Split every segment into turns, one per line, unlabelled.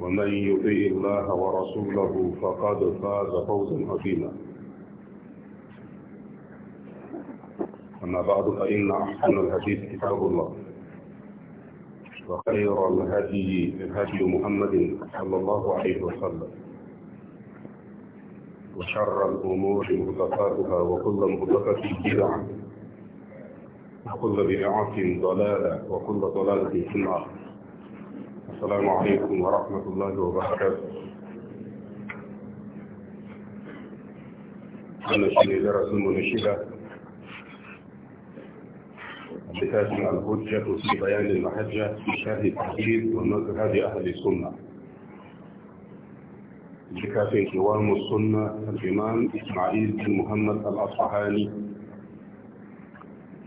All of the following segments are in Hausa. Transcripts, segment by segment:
ومن يطيع الله ورسوله فقد فاز فوزا عظيما أما بعد فإن أحسن الحديث كتاب الله وخير الهدي هدي محمد صلى الله عليه وسلم وشر الأمور مهدفاتها وكل مهدفة بدعة وكل بدعة ضلالة وكل ضلالة في النار السلام عليكم ورحمة الله وبركاته أنا شيني درس المنشدة بتاج الحجة وفي بيان المحجة في شهر التحديد هذه أهل السنة بكافي قوام السنة الإمام إسماعيل بن محمد الأصفهاني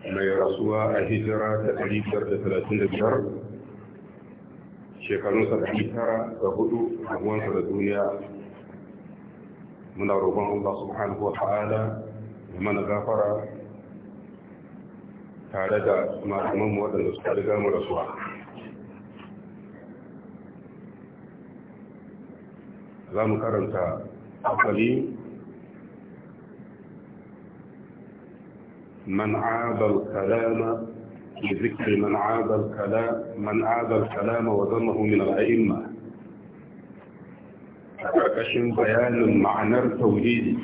ما يرسوها درجة تقريبا الجرد Shekarun ɗari tara da hudu abuwansa da duniya muna roƙon Allah subhanahu wa ta'ala ya mana gafara tare da malamanmu waɗanda suka riga mu rasuwa za mu karanta afali man abal kalama لذكر من عاد الكلام من عاد الكلام وذمه من الأئمة. أكشن بيان معنى التوحيد.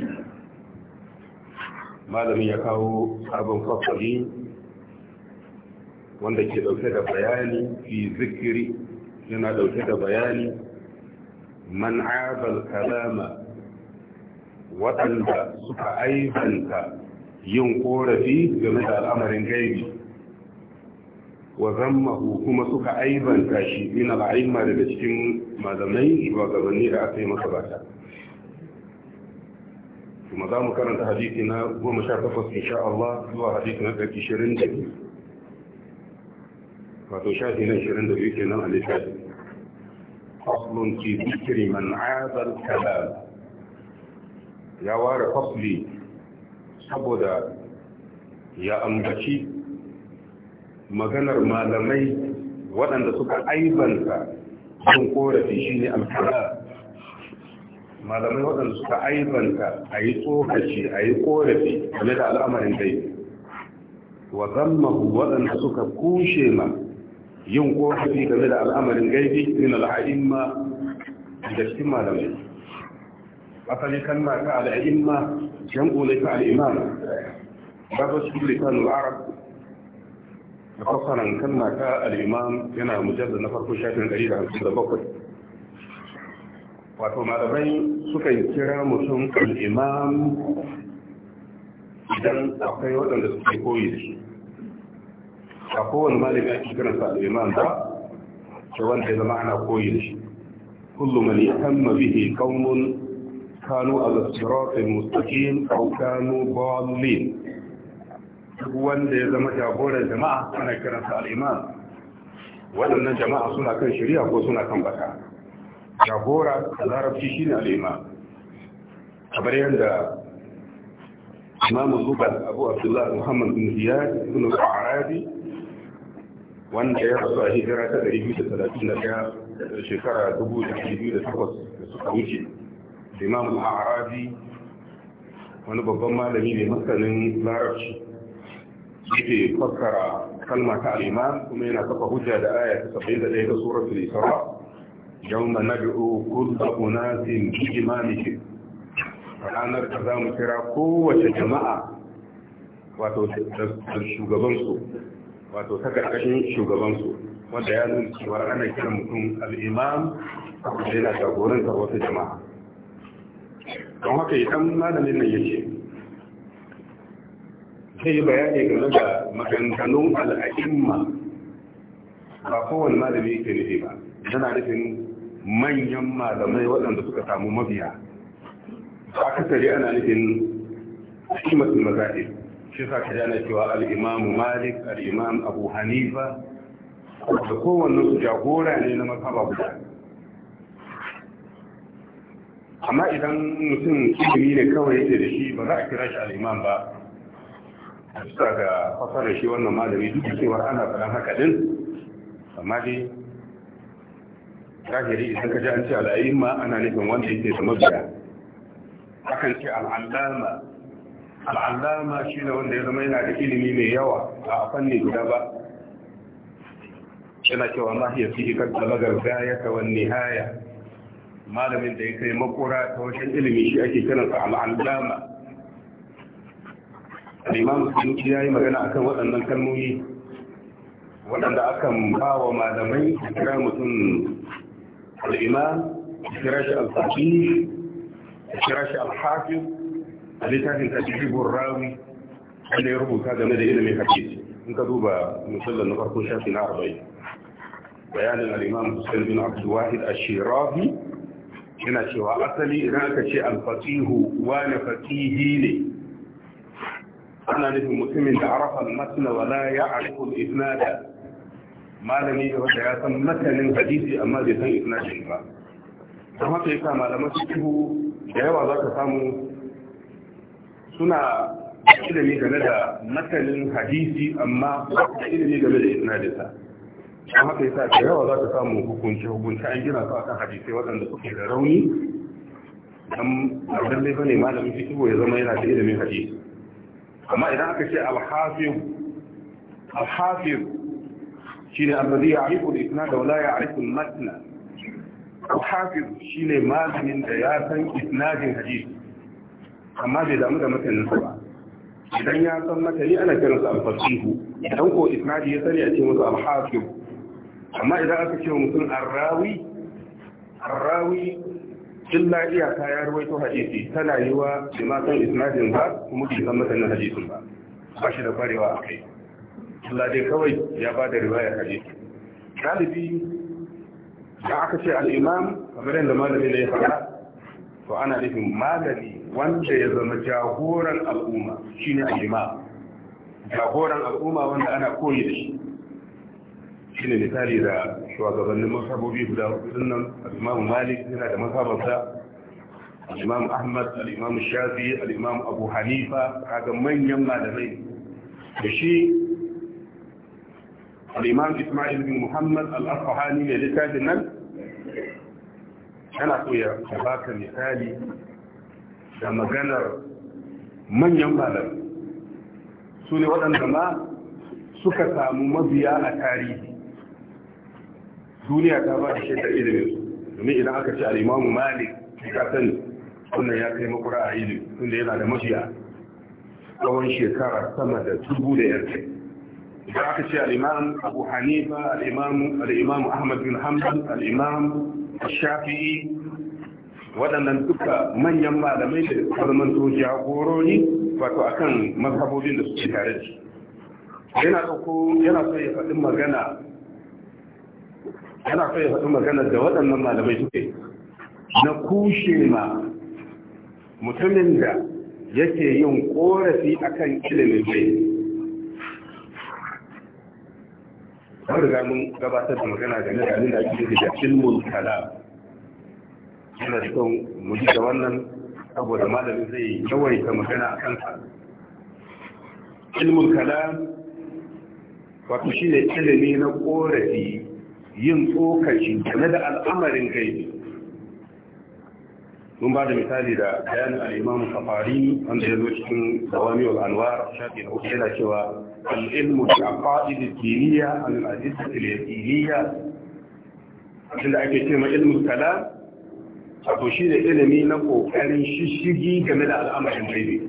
ما لم يكاو أبو فصلين وانا كي دوتيت بياني في ذكري لنا دوتيت بيان من عاد الكلام وأنت سكا أيضا ينقور فيه جميع الأمر الغيبي wa zammahu kuma suka aibanta shi min al'aimma daga cikin malamai shugabanni da aka yi masa ta. kuma za mu karanta hadisi na goma sha takwas insha Allah zuwa hadisi na ɗari ishirin da biyu wato shafi na ishirin da biyu kenan a littafi faslun fi zikri man azal kalam ya ware fasli saboda ya ambaci maganar malamai waɗanda suka aibanta sun korafi shi ne alkara malamai waɗanda suka aibanta a yi tsokaci a yi korafi game da al'amarin dai wa zammahu waɗanda suka kushe ma yin korafi game da al'amarin gaibi min al'a'imma da cikin malamai asali kalma ma al'a'imma jam'u ne ta al'imam babu cikin litanul arab da fasaran kalma ta al'imam yana mujallar na farko shafin 157 wato malamai suka yi kira mutum al'imam idan akwai waɗanda suke koyi da shi a kowane malami ake kiransa al'imam ba ce wanda ya zama ana koyi da shi kullum mani tamma bihi kaumun kanu a zasiratin mustaqim au kanu ballin duk wanda ya zama jagoran jama'a ana kiransa al'imam Wadannan jama'a suna kan shari'a ko suna kan bata jagora a larabci shine al'imam kamar yadda imamu zubar abu abdullah muhammad bin ziyad bin arabi wanda ya rasu a hijira ta 231 shekara 2008 da suka wuce imamu arabi wani babban malami ne masanin larabci yake fassara kalma ta al-iman kuma yana kafa hujja da aya ta 71 ta suratul isra yawma nad'u kullu unasin bi imamihim ranar da za mu kira kowace jama'a wato da shugabansu wato ta karkashin shugabansu wanda ya nuna cewa ana kiran mutum al'imam da yana jagorantar wata jama'a don haka idan malamin nan ya sai yi bayani game da maganganun al'a'imma ba kowane malami ke nufi ba yana nufin manyan malamai waɗanda suka samu mabiya ba kasari ana nufin kimatin mazaɗi shi sa ka jana cewa al'imamu malik al'imam abu hanifa da kowanne su jagora ne na makaba guda amma idan mutum ilimi ne kawai yake da shi ba za a kira shi al'imam ba bisa ga fasarar shi wannan malami duk da cewa ana faɗan haka din amma dai zahiri idan ka ji an ce ma ana nufin wanda yake da mabiya akan ce al'allama al'allama shi ne wanda ya zama yana da ilimi mai yawa a fanni guda ba yana cewa ma ya fi hikar balagar gaya ta wani haya malamin da ya kai makura ta wajen ilimi shi ake kiransa al'allama imam sunuki ya yi magana akan waɗannan kalmomi waɗanda akan ba wa malamai kira mutum al'imam kira shi al kira shi al a littafin tajibin rawi wanda ya rubuta game da ilimin hadisi in ka duba musallar na farko shafi na arba'in bayanin al'imam hussein bin wahid a yana cewa asali idan aka ce wa wani fasihi ne ana nufin mutumin da arafa al-matna wala ya arifu al-isnada malami da wanda ya san matanin hadisi amma zai san isnadin ba don haka yasa malaman fiqhu da yawa za ka samu suna ilimi game da matanin hadisi amma da ilimi game da isnadinsa don haka yasa da yawa za ka samu hukunci hukunci an gina su akan hadisai waɗanda suke da rauni dan abin da bane malamin fiqhu ya zama yana da ilimin hadisi amma idan aka ce alhafiz alhafiz shine alladhi ya'rifu al-isnad wa la ya'rifu al-matn alhafiz shine malamin da ya san isnadin hadisi amma bai damu da matanin ba idan ya san matani ana kiransa al-fasihu idan ko isnadi ya sani a ce musu al amma idan aka ce mutum arrawi arrawi illa iyaka ya ruwaito hadisi tana yi wa jimatan isnadin ba kuma bai san masanin hadisin ba ba shi da kwarewa a kai illa dai kawai ya ba da riwayar hadisi galibi da aka ce al-imam kamar yadda malami ne ya fara to ana nufin malami wanda ya zama jagoran al'umma shine al-imam jagoran al'umma wanda ana koyi da shi shine misali da shugabannin masabobi guda hudu nan al-Imam Malik yana da masabarsa al-Imam Ahmad al-Imam Shafi al-Imam Abu Hanifa kaga manyan malamai da shi al-Imam Isma'il bin Muhammad al-Asfahani ne littafin nan ana so ya baka misali da maganar manyan malamai su ne waɗanda ma suka samu mabiya a tarihi duniya ta ba da shaidar ilimin su domin idan aka ce al'imamu malik ka sani wannan ya kai makura a ilimi tunda yana da mashiya tsawon shekara sama da dubu da yarda idan aka ce al'imam abu hanifa al'imamu ahmad bin Hamdan, al'imam shafi'i waɗannan duka manyan malamai da zamanto goroni wato akan mazhabobin da suke tare da shi yana ɗauko yana so ya faɗin magana yana kai ya faɗi da waɗannan malamai suke na kushe ma mutumin da yake yin korafi akan ilimin bai an riga mun gabatar da magana da da ganin da ake yi da ilmul kala yana kan muji da wannan saboda malamin zai yawaita magana a kan ka ilmul kalam wato shi ne ilimi na korafi yin tsokaci game da al'amarin gaibi mun ba da misali da bayan al'imamu safari wanda ya zo cikin dawami wa anwar shafi na hukumar yana cewa al'ilmu da da diniya an al'adisa al-yaqiniya abinda ake kala, ilmu to shi ne ilimi na kokarin shishigi game da al'amarin gaibi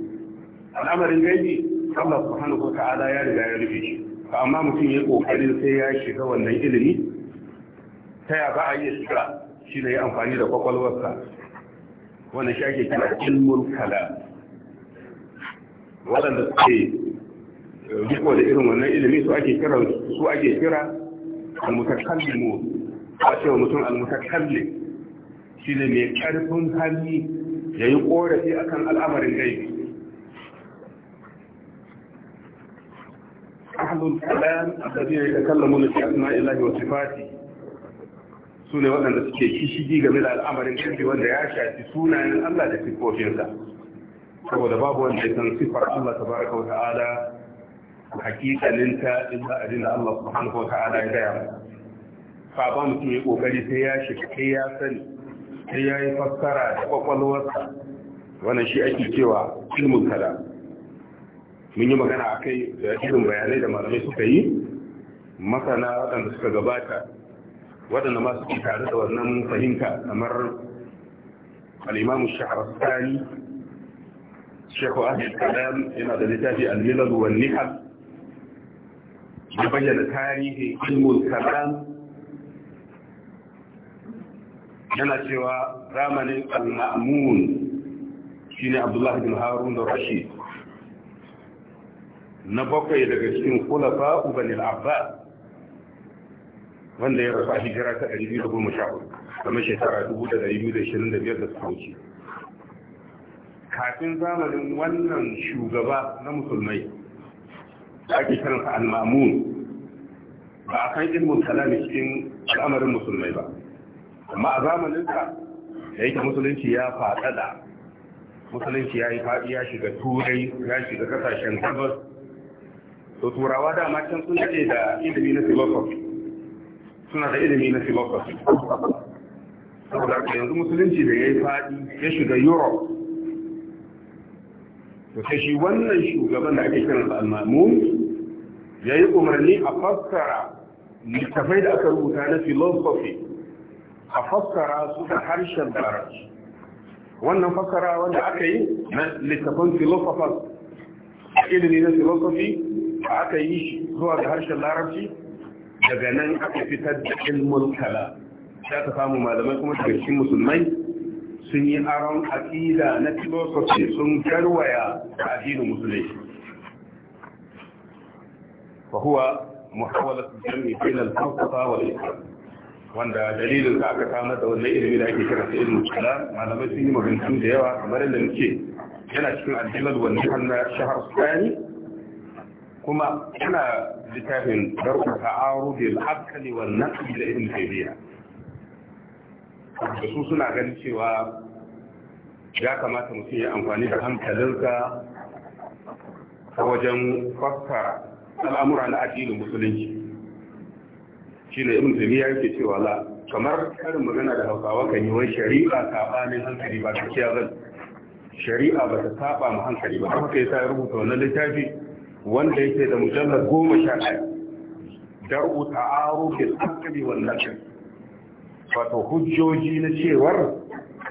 al'amarin gaibi Allah subhanahu wa ta'ala ya riga ya rufe shi amma mutum ya kokarin sai ya shiga wannan ilimi ta ya ba a yi shiga shi ne amfani da kwakwalwarsa wanda shi ake kira ilmul kalam waɗanda suke riko da irin wannan ilimi su ake kira su ake kira almutakallimu a cewa mutum almutakallim shi ne mai ƙarfin hali ya yi ƙorafi akan al'amarin gai. A tafiya ya kalla mulki a في أسماء الله وصفاته su ne waɗanda suke kishigi game da al'amarin kirki wanda ya shafi sunayen Allah da siffofinsa saboda babu wanda ya san siffar Allah ta baraka wa ta'ala hakikaninta in ba abin da Allah subhanahu wa ta'ala ya gaya mu fa ba mutum ya kokari sai ya shi sai ya sani sai ya yi fassara da kwakwalwarsa wannan shi ake cewa ilmun kalam mun yi magana a kai da irin bayanai da malamai suka yi masana waɗanda suka gabata waɗanda masu ke tare da wannan fahimta kamar al'imamu shahararrani shekwa ahmed yana da littafi al wa nihal ya bayyana tarihi ilmul kadan? yana cewa zamanin al-ma'amun shine abdullah bin harun da rashid na bakwai daga cikin kulafa ubanil abbas wanda ya rasu a hijira ta 2014 kamar shekara 2025 da suka wuce kafin zamanin wannan shugaba na musulmai da ake kiransa al-mamun ba a kan ilmin kalami cikin al'amarin musulmai ba amma a zamaninsa da yake musulunci ya faɗaɗa musulunci ya yi faɗi ya shiga turai ya shiga kasashen gabas to turawa dama can sun daɗe da ilimi na philosophy suna da ilimi na philosophy saboda aka yanzu musulunci da ya yi faɗi ya shiga europe to sai shi wannan shugaban da ake kiran sa al-mamun ya yi umarni a fassara littafai da aka rubuta na philosophy a fassara su da harshen larabci wannan fassara wanda aka yi na littafan philosophers a ilimi na philosophy aka yi shi zuwa da harshen larabci daga nan aka fitar da ilmul kala za ka samu malamai kuma daga cikin musulmai sun yi aron aƙida na philosophy sun garwaya a addinin musulunci fa huwa muhawalat jami'i bain al-falsafa wal wanda dalilin sa aka samar da wannan ilimi da ake kira ilmul kala malamai sun yi maganganu da yawa kamar yadda muke yana cikin addinin wannan na shahar tsani kuma yana littafin darku da haqqi wal naqli da ibn taymiya da su suna ganin cewa ya kamata mutum ya amfani da hankalinsa ta wajen fassara al'amura na addinin musulunci shi ne ibn taymiya yake cewa la kamar karin magana da hausawa kan yi wai shari'a sabanin hankali ba ta kiyaye shari'a ba ta saba mu hankali ba haka yasa ya rubuta wannan littafi wanda yake da mujallar goma sha ɗaya dar'u ta'aru bil aqli wal naql wato hujjoji na cewar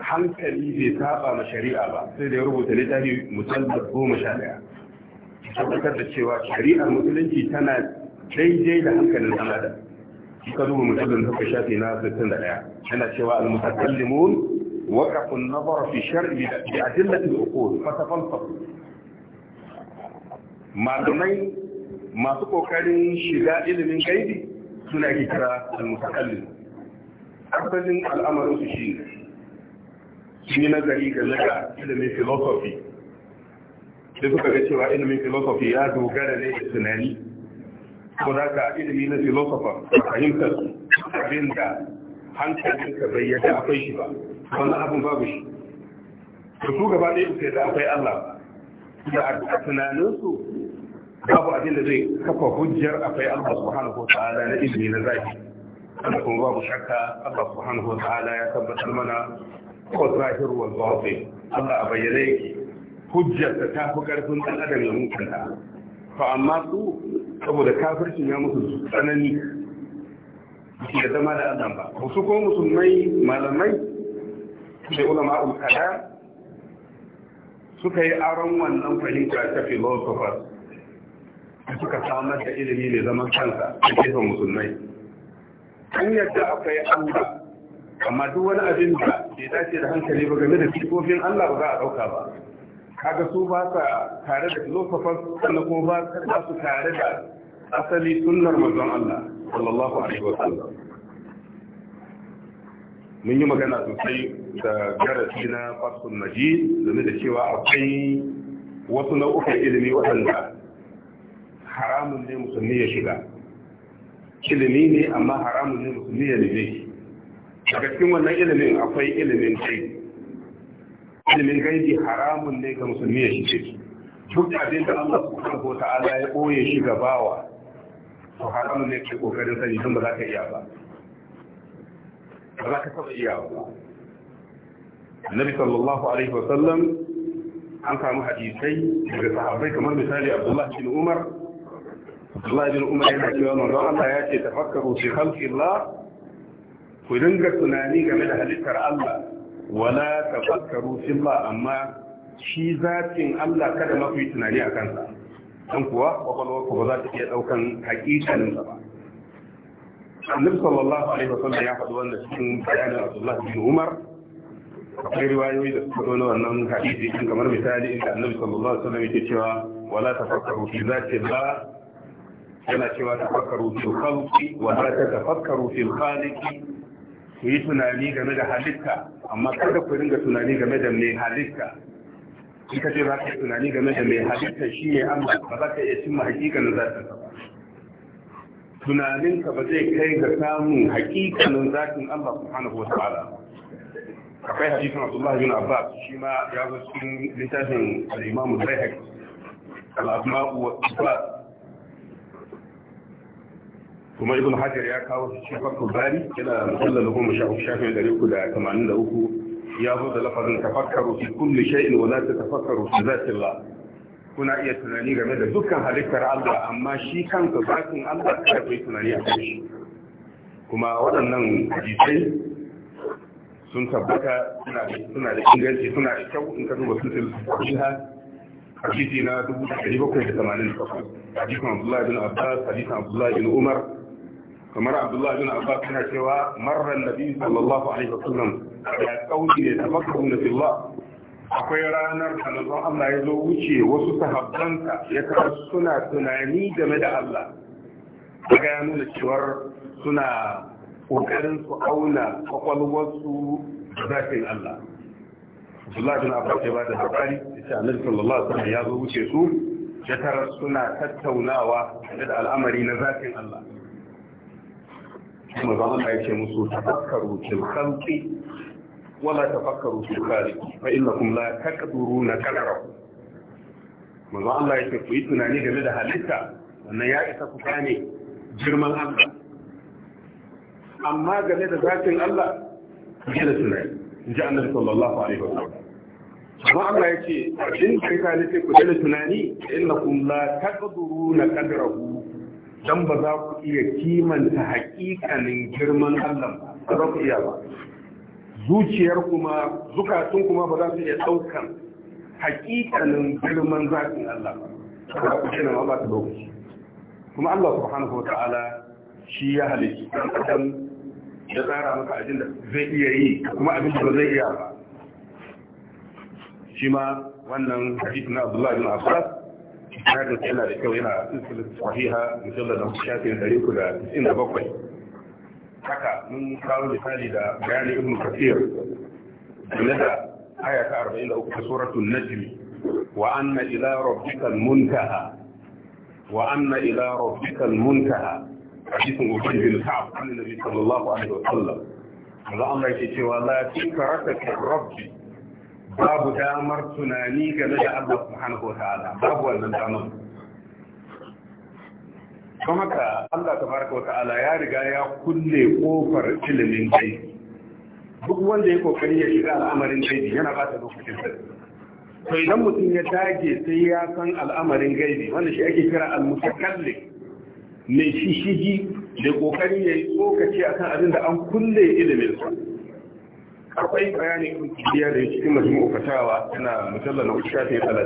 hankali bai saba ma shari'a ba sai da ya rubuta littafi mujallar goma sha ɗaya tabbatar da cewa shari'ar musulunci tana daidai da hankalin ɗan adam ka duba mujallar da shafi na 61 yana cewa al-mutakallimun waqafun nazara fi shar'i bi adillati al-uqul fa tafalsafu malamai masu kokarin shiga ilimin gaibi suna kira al-mutakallim asalin al'amarin su shi shi nazari ga da ilimin philosophy da suka ga cewa ilimin philosophy ya dogara ne da tunani ko za ka ilimi na philosopher fahimtar abin da hankalinka bai yadda akwai shi ba wannan abin babu shi da su gaba ɗaya suka da akwai Allah da a tunaninsu babu abin da zai kafa hujjar akwai Allah subhanahu ta'ala na ilimi na zaki wanda kuma babu shakka Allah subhanahu ta'ala ya tabbatar mana ko Zahiru wal batin Allah a bayyane yake hujjar ta tafi karfin dan adam ya mutunta fa amma su saboda kafircin ya musu tsanani da zama da Allah ba su kuma musulmai malamai sai ulama ul kalam suka yi aron wannan fahimta ta da suka samar da ilimi mai zaman kansa a gefen musulmai an yadda akwai allah amma duk wani abin da ke dace da hankali ba game da sifofin allah ba za a ɗauka ba kaga su ba sa tare da philosophers sannan kuma ba su tare da asali sunnar manzon allah sallallahu alaihi wa sallam mun yi magana sosai da garafi na fasul Maji. game da cewa akwai wasu nau'ukan ilimi waɗanda haramun ne musulmi ya shiga ilimi ne amma haramun ne musulmi ya nufi daga cikin wannan ilimin akwai ilimin kai. ilimin gaibi haramun ne ga musulmi ya shige duk abin da Allah subhanahu wata'ala ya boye shi ga bawa to haramun ne ke kokarin sani don ba za ka iya ba ba za ka taɓa iya ba annabi sallallahu alaihi wa sallam an samu hadisai daga sahabbai kamar misali abdullahi bin umar abdullahi bin umar yana cewa manzon Allah ya ce tafakkaru fi khalqillah ku dinga tunani game da halittar Allah wala tafakkaru fi Allah amma shi zatin Allah kada ma ku yi tunani a kansa dan kuwa kwakwalwarku ba za ta iya daukan hakikanin ba annabi sallallahu alaihi ya faɗi wannan cikin bayanin Abdullahi bin Umar akwai riwayoyi da suka zo wannan hadisi din kamar misali inda annabi sallallahu alaihi wasallam yake cewa wala tafakkaru fi zati ba yana cewa tafakkaru fi khalqi wa la tafakkaru ku yi tunani game da halitta amma kada ku ringa tunani game da mai halitta in ka ce za ka yi tunani game da mai halitta shi ne Allah ba za ka iya cimma hakikan da za tunaninka ba zai kai ga samun hakikanin zakin Allah subhanahu wa ta'ala akwai hadisin Abdullah bin Abbas shi ma ya zo cikin littafin al-Imam al bayhaqi al-Asma'u wa Sifat kuma Ibn Hajar ya kawo shi cikin Bari yana da 13 shafin 383 ya zo da lafazin tafakkaru fi kulli shay'in wa la tatafakkaru fi zati Allah kuna iya tunani game da dukkan halittar Allah amma shi kanka zakin Allah ta ku yi tunani a kai kuma waɗannan hadisai sun tabbata suna da inganci suna da kyau in ka duba sun sutul sahiha hadisi na 1788 hadisin Abdullah bin Abbas hadisin Abdullah bin Umar kamar Abdullah bin Abbas suna cewa marra annabi sallallahu alaihi wasallam ya kauce da tafakkurun fi Allah akwai ranar da manzon Allah ya zo wuce wasu sahabbansa ya kama suna tunani game da Allah daga ya nuna cewar suna ƙoƙarin su auna kwakwalwarsu zafin Allah Abdullah bin Abbas ya bada ya ce Annabi sallallahu alaihi wasallam ya zo wuce su ya tara suna tattaunawa da al'amari na zafin Allah kuma zan Allah ya ce musu tafakkaru fil khalqi ولا تفكروا في الخارج فإنكم لا تقدرون كذبه ما زال الله يتقوي تناني جميل هالتا أن يأتي كفاني جرم الله أما جميل ذات الله جل سنعي جاء النبي صلى الله عليه وسلم ما الله يتقوي إن كفاني تقوي جل سنعي إنكم لا تقدرون كذبه dan ba za ku iya kimanta hakikanin girman Allah a rafiya ba. zuciyar kuma zukatun kuma ba za su iya ɗaukan hakikanin girman zafin Allah ba ku shi na ba ta lokaci kuma Allah subhanahu wa ta'ala shi ya halitta ɗan adam ya tsara maka abin da zai iya yi kuma abin da ba zai iya ba shi ma wannan hadisi na Abdullah bin Abbas ya ga yana da kyau yana silsilar sahiha mujallal da shafin 397 haka mun kawo misali da bayani ibn kafir game da aya ta 43 ta suratul najm wa anna ila rabbikal muntaha wa anna ila rabbikal muntaha hadisin ubay bin ka'ab annabi sallallahu alaihi wa sallam Allah Allah yake cewa la tikaraka rabbi babu damar tunani game da Allah subhanahu wa ta'ala babu wannan damar don haka Allah tabaraka wa ta'ala ya riga ya kulle kofar ilimin gaibi duk wanda ya kokari ya shiga al'amarin gaibi yana ba ta lokacin sa to idan mutum ya dage sai ya san al'amarin gaibi wanda shi ake kira al-mutakallim mai shishigi da kokari ya yi tsokaci akan abin da an kulle ilimin sa akwai bayani kungiya da cikin majmu'u fatawa tana mujalla na 39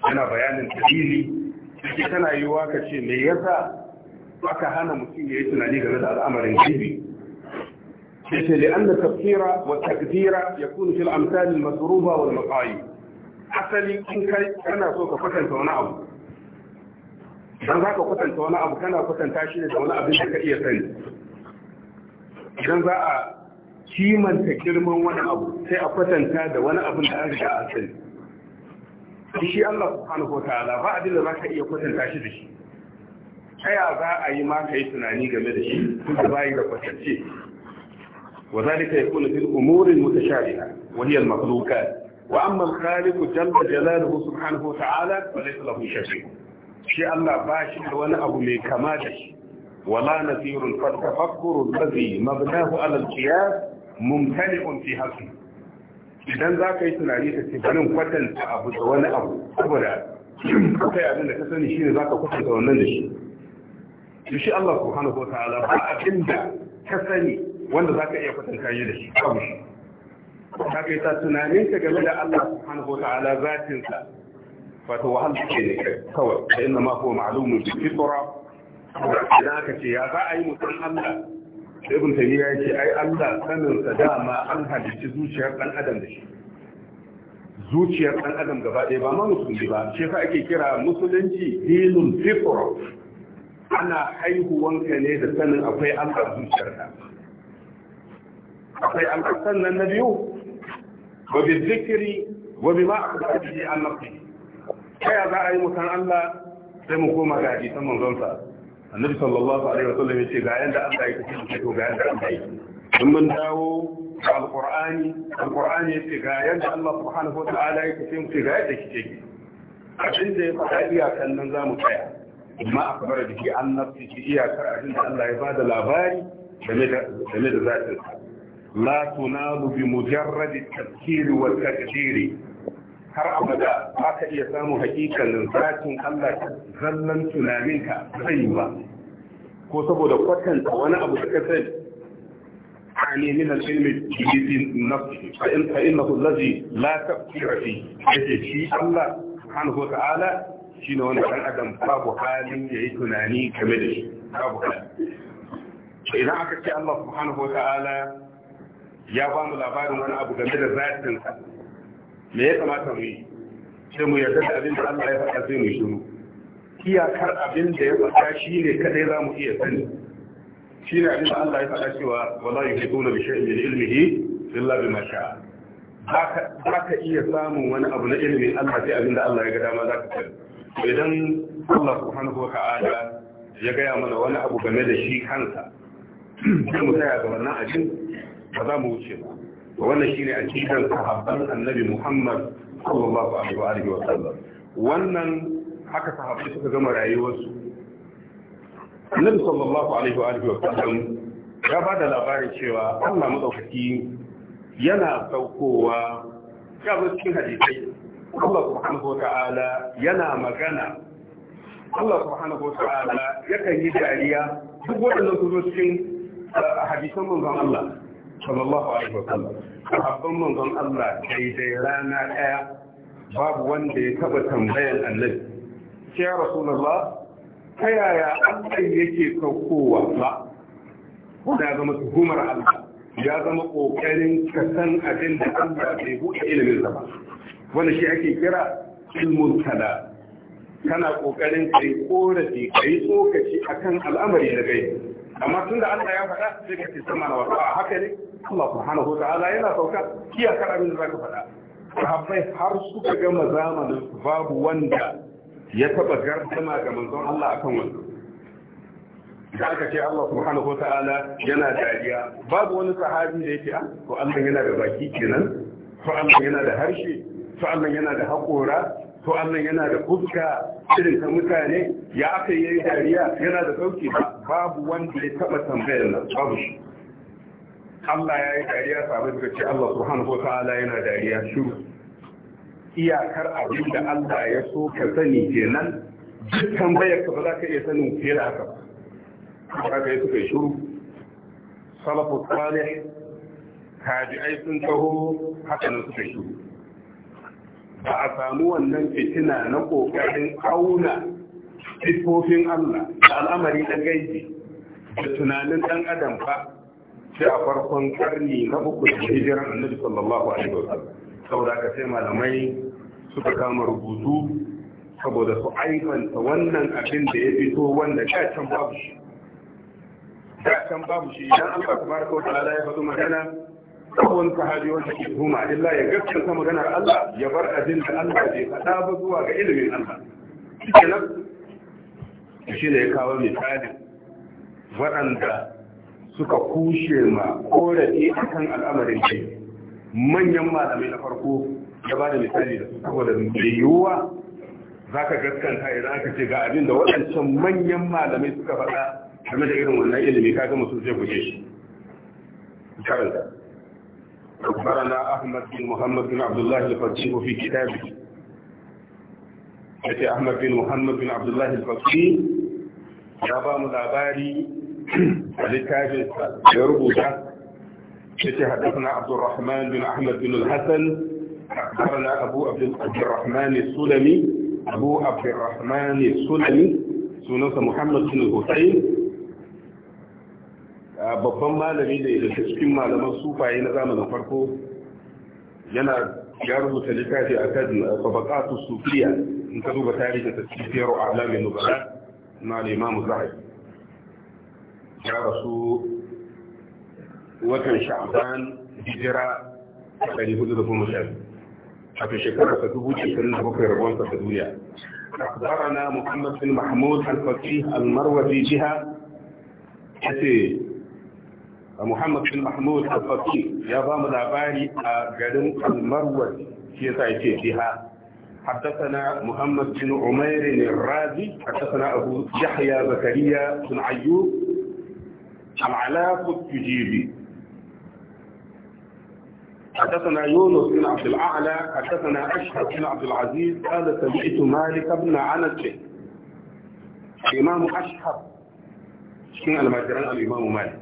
yana bayanin dalili shi tana yiwuwa ka ce me yasa aka hana mutum ya yi tunani game da al'amarin gaibi sai ce da an tafsira wa takdira ya kunu fil amsalin masrufa wal maqayi asali in kai kana so ka kwatanta wani abu dan za ka kwatanta wani abu kana kwatanta shi ne da wani abin da ka iya sani idan za a kimanta girman wani abu sai a kwatanta da wani abin da an riga a sani shi Allah subhanahu wataala ba abin da za ka iya kwatanta shi da shi ta ya za a yi ma ka yi tunani game da shi tun da bayi da kwatance wa zalika yakunu fil umuri mutashabiha wa hiya al makhluqat wa amma al khaliq jalla jalaluhu subhanahu wataala fa laysa lahu shay'un shi Allah ba shi da wani abu mai kama da shi wala nazirun fa tafakkurul ladhi mabnahu ala al qiyas mumtali'un fi hasbi idan za ka yi tunani ka ce banin kwatanta abu da wani abu saboda yi abin da ka sani shi ne za ka kwatanta wannan da shi to shi Allah subhanahu wa ta'ala ba abin da ka sani wanda za ka iya kwatanta shi da shi babu shi ka kai ta tunanin ka game da Allah subhanahu wa ta'ala zatin sa wato wahal ce ne kawai da inna ma huwa ma'lumun bi fitra idan aka ce ya za a yi mutum Allah da ibn taymiya yake ai Allah sanin sa dama an halicci zuciyar dan adam da shi zuciyar dan adam gaba ɗaya ba ma musulmi ba shi yasa ake kira musulunci dinul fitra ana haihuwanka ne da sanin akwai Allah zuciyar ka akwai Allah sannan na biyu wa bi dhikri wa bima aqdati an nafsi kaya za a yi mutan Allah sai mu koma ga hadisan manzon sa annabi sallallahu alaihi wasallam ya ce ga yanda Allah ya kace to ga yanda Allah ya in mun dawo alqur'ani alqur'ani ya ce ga yanda Allah subhanahu wa ta'ala ya kace mu ga yanda kike abin da ya faɗa iyakan nan za mu tsaya amma a akbar da shi an nafsi shi iyakar abin da Allah ya bada labari game da game da zatin la tunalu bi mujarrad at-tafkir wal taqdir har abada ba ka iya samun hakikalin zakin Allah zallan tunaninka zai yi ba ko saboda kwatanta wani abu da ka a nemi na al-ilmi bi nafsi fa in fa innahu allazi la tafkira fi yace shi Allah subhanahu wa ta'ala shine wanda dan adam babu halin yayi tunani game da shi babu halin idan aka ce Allah subhanahu wa ta'ala ya ba mu labarin wani abu game da zatinsa me ya kamata mu yi sai mu yarda da abin da Allah ya faɗa zai mu shiru iyakar abin da ya faɗa shi ne kadai za mu iya sani shi ne abin da Allah ya faɗa cewa wala yuhiduna bi shay'in da ilmihi illa bima sha'a Za ka iya samun wani abu na ilimin Allah sai abin da Allah ya ga dama za ka sani to idan Allah subhanahu wa ta'ala ya gaya mana wani abu game da shi kansa sai mu tsaya ga wannan abin ba za mu wuce ba wannan shine cikin sahabban annabi Muhammad sallallahu alaihi wa sallam wannan haka sahabbai suka gama rayuwarsu annabi sallallahu alaihi wa alihi sallam ya ba da labarin cewa Allah madaukaki yana saukowa ya zo cikin hadisai Allah subhanahu wa ta'ala yana magana Allah subhanahu wa ta'ala yakan yi dariya duk waɗannan su zo cikin eh, hadisan manzon Allah sallallahu alaihi wasallam sahabban manzon Allah daidai rana daya babu wanda ya taba tambayan annabi sai ya rasulullah ta yaya Allah yake saukowa ba kuna zama tuhumar Allah ya zama kokarin ka san abin da Allah bai buɗe ilimin ba wanda shi ake kira ilmun kana kana kokarin kai korafi kai tsokaci akan al'amari na gaibi amma tun da Allah ya faɗa sai ka ce sama na wasu a haka ne Allah subhanahu ta'ala yana sauka iyakar abin min zaka faɗa sahabbai har suka gama zamanin babu wanda ya taba gardama ga manzon Allah akan wannan da aka ce Allah subhanahu ta'ala yana dariya babu wani sahabi da yake ah to Allah yana da baki kenan to Allah yana da harshe to Allah yana da haƙora to Allah yana da fuska irin ta mutane ya aka yi dariya yana da sauki ba babu wanda ya taba tambayar nan babu shi Allah ya yi dariya sabu da ce Allah subhanahu wataala yana dariya shiru iyakar abin da Allah ya so ka sani kenan duk tambayar ka ba za ka iya sanin fiye da haka ba ka yi suka yi shiru salafu salih tabi'ai sun taho haka nan suka yi shiru ba a samu wannan fitina na kokarin auna sifofin Allah da al'amari na gaibi da tunanin dan adam ba sai a farkon karni na uku da hijiran annabi sallallahu alaihi wasallam saboda ka sai malamai suka kama rubutu saboda su aibanta wannan abin da ya fito wanda ka can babu shi ka can babu shi idan Allah tabaraka wa ta'ala ya faɗo magana kawon sahabi wanda ke tuhuma illa ya gaskanta maganar Allah ya bar abin da Allah bai faɗa ba zuwa ga ilimin Allah shike nan shi ne ya kawo misali waɗanda suka kushe ma a akan al'amarin ke manyan malamai na farko ya ba da misali da su saboda yiwuwa za ka gaskanta idan aka ce ga abin da waɗancan manyan malamai suka faɗa game da irin wannan ilimi ka gama su ku guje shi karanta أخبرنا أحمد بن محمد بن عبد الله الفقيه في كتابه Ahmad bin Muhammad bin Abdullahi al ya ba mu labari a littafin ya rubuta yace hadathana Abdurrahman bin Ahmad bin al-Hasan akhbarana Abu Abdurrahman al-Sulami Abu Abdurrahman sunansa Muhammad bin Husayn babban malami da daga cikin malaman sufaye na zamanin farko yana ya rubuta littafi a kan tabakatu sufiya in ka duba tarihi ta cikin a alamin nubala na limamu zahir ya rasu watan sha'ban hijira a 410 kafin shekarar ta dubu cikin bakwai rabuwansa ta duniya أخبرنا محمد بن محمود الفقيه المروزي بها حتي محمد بن محمود الفقي يا بام ba mu labari في سايتي فيها حدثنا محمد بن عمير الرازي حدثنا أبو يحيى زكريا بن عيوب العلاف التجيبي حدثنا يونس بن عبد الأعلى حدثنا اشهر بن عبد العزيز قال سمعت مالك بن عنك الامام اشهر شنو المجران الإمام مالك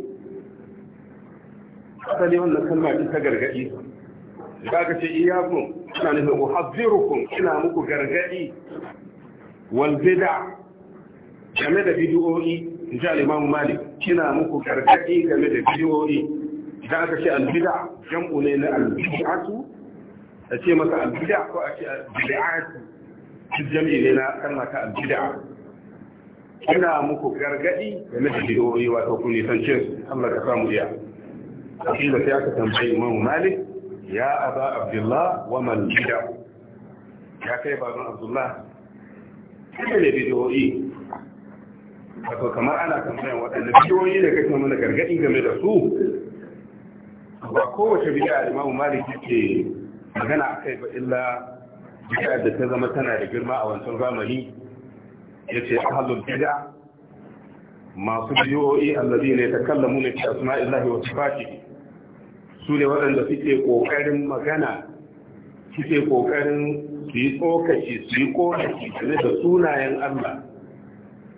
asali wannan kalma ce ta gargadi da ka ce iyaku ina nufin uhazzirukum ina muku gargadi wal bid'a game da bid'o'i inji al-Imam Malik ina muku gargadi game da bid'o'i da aka ce al-bid'a jam'u ne na al-bid'atu a ce masa al-bid'a ko a ce al-bid'atu shi jam'i ne na kalma ta al-bid'a ina muku gargadi game da bid'o'i wato kun nisan cin Allah ka samu iya inda sai aka tambayi imamu malik ya aba abdullah wa mal bid'a ya kai don abdullah kuma ne bid'o'i wato kamar ana tambayan waɗanda bid'o'i da kake mana gargaɗi game da su ba kowace bid'a imamu malik yake magana akai ba illa bid'a da ta zama tana da girma a wancan zamani yace ahlul bid'a masu bid'o'i alladhina yatakallamu bi asma'illahi wa sifatihi su ne waɗanda suke ƙoƙarin magana suke ƙoƙarin su yi tsokaci su yi ƙorafi game da sunayen Allah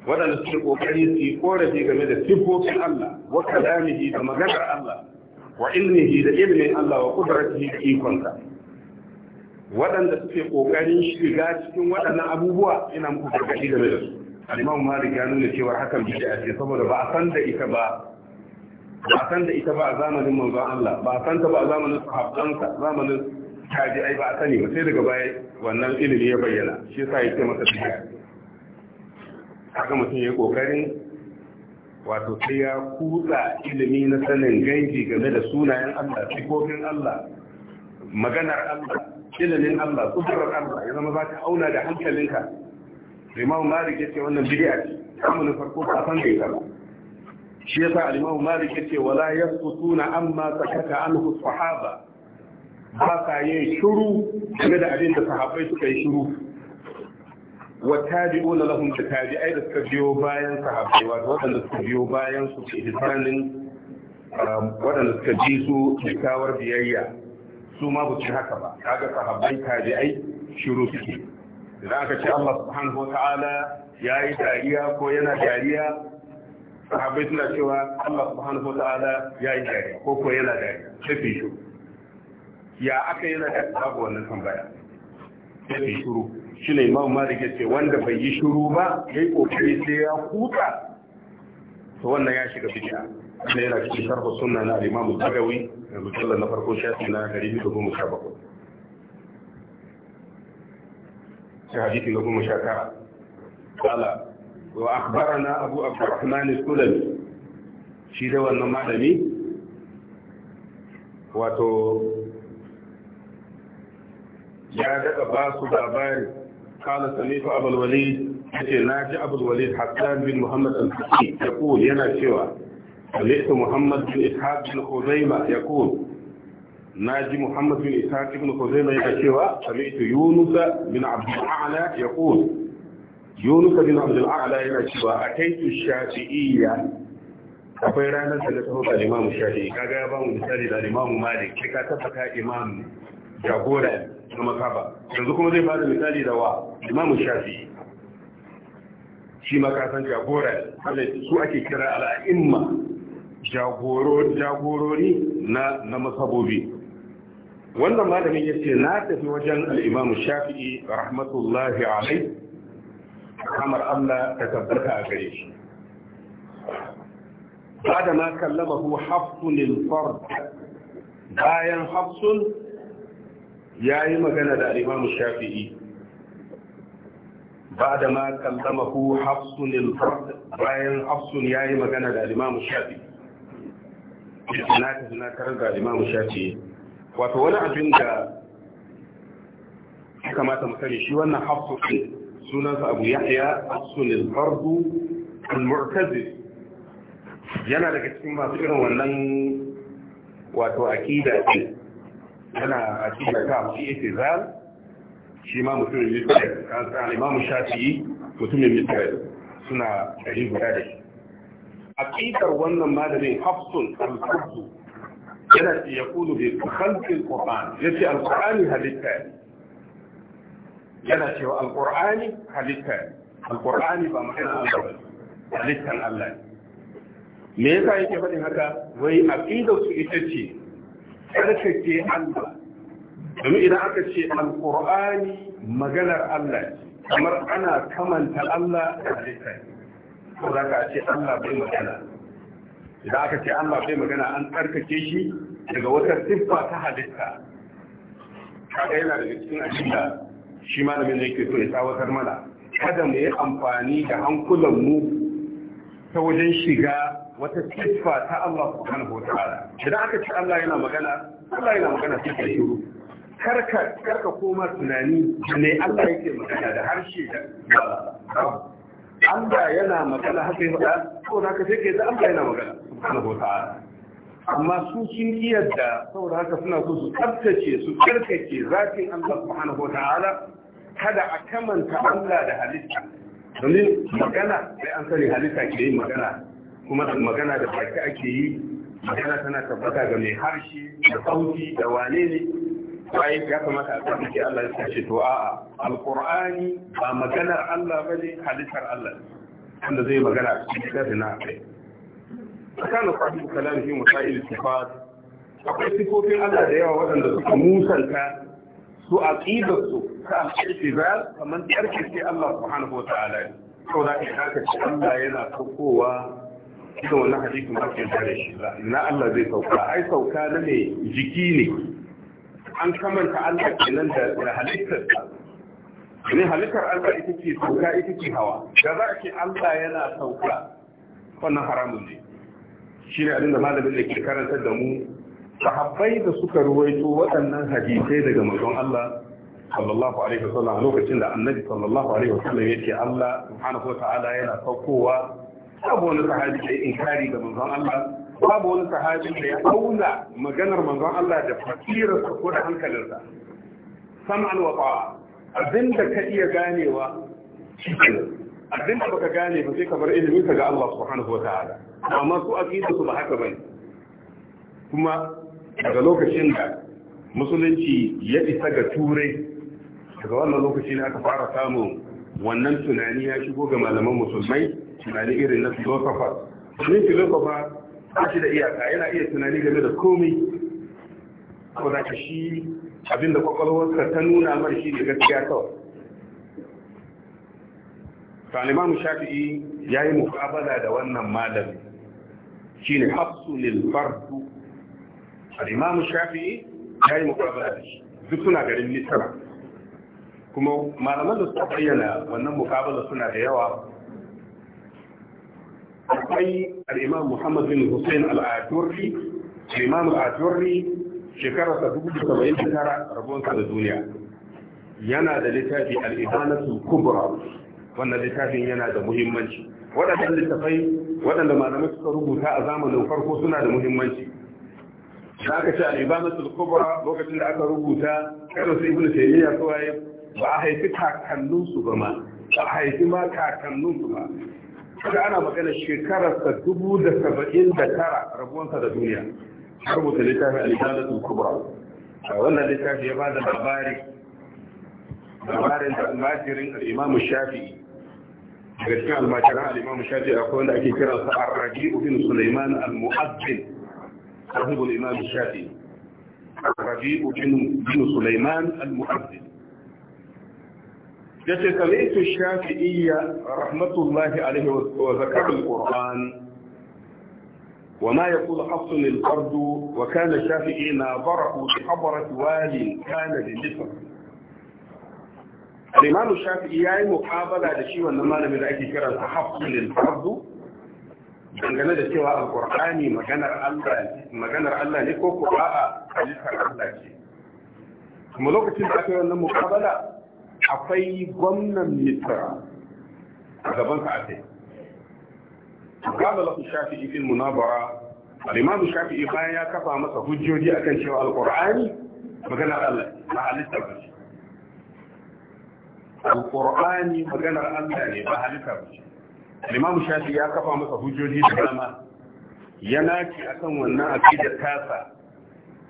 waɗanda suke ƙoƙari su yi ƙorafi game da siffofin Allah wa kalamihi da maganar Allah wa ilmihi da ilmin Allah wa kudratihi da ikonsa waɗanda suke ƙoƙarin shiga cikin waɗannan abubuwa ina muku gargaɗi game da su al-Imam Malik ya nuna cewa hakan bid'a ce saboda ba a san da ita ba ba san da ita ba a zamanin manzon Allah ba san ta ba a zamanin sahabbansa zamanin ai ba a sani ba sai daga baya wannan ilimi ya bayyana shi yasa ya ce masa tabi'a haka mutum ya kokarin wato sai ya kutsa ilimi na sanin gaibi game da sunayen Allah sifofin Allah maganar Allah ilimin Allah kudurar Allah ya zama za ka auna da hankalinka Imam Malik ya wannan bid'a ce amma na farko ba san da ita ba shi yasa al-Imam Malik yace wala yasutuna amma sakata anhu sahaba ba ka yi shiru game da abin da sahabbai suka yi shiru wa tabi'una lahum da tabi'ai da suka biyo bayan sahabbai wato waɗanda suka biyo bayan su ke hisanin um, waɗanda suka ji su kyakkyawar biyayya su ma ba su haka ba kaga sahabbai tabi'ai shiru suke idan aka ce Allah subhanahu wa ta'ala yayi dariya ko yana dariya sahabai suna cewa Allah subhanahu wa ta'ala ya yi dariya ko ko yana dariya sai shi ya aka yana da babu wannan tambaya sai shuru shine Imam Malik ya ce wanda bai yi shuru ba yayi kokari sai ya kuta to wannan ya shiga bid'a ne yana cikin sharh sunna na Imam da mujallal na farko shafi na 117 sai hadisi na 19 قال wa akhbarana abu abdurrahman al-sulami shi da wannan malami wato ya daga ba su labari kala samitu abul ce na ji abul walid hassan bin muhammad al-faqi yaqul yana cewa samitu muhammad bin ishaq bin khuzaima yaqul ناجي محمد بن إسحاق بن خزيمة يقول سمعت يونس بن عبد الأعلى يقول yunus bin abdul a'la yana cewa ataitu shafi'iyya akwai ranar da ta taho da imamu shafi'i kaga ya bamu misali da imamu malik kai ka tabbata imam jagora na makaba yanzu kuma zai bada misali da wa imamu shafi'i shi ma ka san jagora su ake kira al'imma jagorori na na masabobi wannan malamin yace na tafi wajen al-imam shafi'i rahmatullahi alaihi kamar Allah ta tabbata a gare shi بعد ما bayan hafsun ya yi magana da alimamu shafi'i ma kallama ku hafsun ilfard bayan hafsun ya yi magana da alimamu shafi'i ta alimamu shafi'i wato wani abin da kamata mu sani shi wannan hafsun sunansa abu yahya asulil fardu al-mu'tazil yana daga cikin masu irin wannan wato aqida ce yana aqida ta shi itizal shi ma mutumin misali kan sa imamu shafi'i mutumin misali suna ɗari guda da shi aqidar wannan malamin hafsun al-fardu yana ce yaqulu bi khalqi al ya ce al-qur'ani halitta yana cewa alqur'ani halitta ne alqur'ani ba magana Allah halittan Allah ne me yasa yake faɗin haka wai aqidar su ita ce tsarkake Allah domin idan aka ce alqur'ani maganar Allah ce kamar ana kamanta Allah da halitta ne ko za ka ce Allah bai magana idan aka ce Allah bai magana an tsarkake shi daga wata siffa ta halitta kaga yana daga cikin abinda shi malamin da ke so ya tsawatar mana kada mu yi amfani da hankulan mu ta wajen shiga wata siffa ta Allah hoto wataala idan aka ce Allah yana magana Allah yana magana sai ka shuru. karka karka koma tunani ne Allah yake magana da harshe da Allah yana magana haka yadda ko da aka sai da yadda Allah yana magana kan hoto amma su sun da saboda haka suna so su tsabtace su karkace zatin Allah subhanahu ta'ala kada a kamanta Allah da halitta domin magana sai an sani halitta ke yin magana kuma magana da baki ake yi magana tana tabbata ga mai harshe da sauti da wane ne Bai ya kamata a tsarki Allah ya ce to a'a alqur'ani ba maganar Allah ba ne halittar Allah wanda zai magana a cikin kafin na kai kana fahimta kalamin fi masail sifat akwai sifofin Allah da yawa waɗanda suka musanta su aqidar su ka al-ibtizal kaman tarkace Allah subhanahu wa ta'ala to da ka tarkace Allah yana saukowa cikin wannan hadisin da ke tare shi na Allah zai sauka ai sauka na ne jiki ne an kamanta Allah kenan da halittar ne halittar Allah ita ce sauka ita ce hawa da za a ce Allah yana sauka wannan haramun ne shi ne abin da malamin da ke karanta da mu sahabbai da suka ruwaito waɗannan hadisai daga manzon Allah sallallahu alaihi wa sallam. lokacin da annabi sallallahu alaihi wasallam yake Allah subhanahu wa ta'ala yana saukowa babu wani sahabi da ya inkari da manzon Allah babu wani sahabi da ya aula maganar manzon Allah da fakirar ko da hankalinsa sam'an wa ta'a abinda ka iya ganewa abinda baka gane ba sai ka bar ilimin ka ga Allah subhanahu wa ta'ala amma su aqidu su ba haka bane kuma daga lokacin da musulunci ya isa ga turai daga wannan lokaci ne aka fara samun wannan tunani ya shigo ga malaman musulmai tunani irin na filosofa ne filosofa ba shi da iyaka yana iya tunani game da komai ko da ka shi abinda kwakwalwarsa ta nuna mar shi ne gaskiya kawai mu Shafi'i ya yi mukabala da wannan malami ne hafsu lil fardu al'imamu shafi'i ya yi mukwabara da shi duk suna garin misra kuma malaman da suka bayyana wannan mukabala suna da yawa akwai al'imam muhammad bin hussein al'adurri al'imam al'adurri shekarar sa dubu saba'in da tara rabuwansa da duniya yana da littafi al'ibanatul kubra wannan littafin yana da muhimmanci waɗannan littafai waɗanda malamai suka rubuta a zamanin farko suna da muhimmanci da aka ce al'ibamatul kubra lokacin da aka rubuta kada su ibnu taymiya kowa ba a haifi kakannin su ba ma ba a haifi ma kakannin su ba kaga ana magana shekarar sa dubu da saba'in da tara rabuwansa da duniya har rubuta littafin al'ibamatul kubra wannan littafi ya bada labari labarin da almajirin al'imamu shafi'i daga cikin almajiran al'imamu shafi'i akwai wanda ake kiransa arraji ibn sulaiman al-mu'azzin صاحب الإمام الشافعي الرجيء بن سليمان المؤذن يتكلمت الشافعية رحمة الله عليه وذكر القرآن وما يقول حفص الفرد وكان الشافعي ناظره بحضرة وال كان لمصر الإمام الشافعي يعني مقابلة لشيء وإنما لم يدعك كرة حفص الفرد dangane da cewa alkur'ani maganar Allah ne ko ƙura'a halittar Allah ce kuma lokacin da aka yi wannan mukabala akwai gwamnan misra a gabansa a kai mukabala ku shafi ifin munabara al'imamu shafi bayan ya kafa masa hujjoji akan cewa alkur'ani maganar Allah na halittar ba ce alkur'ani maganar Allah ne ba halittar ba ce Limamu Shafi ya kafa masa hujjoji da dama Ya ci akan wannan da tasa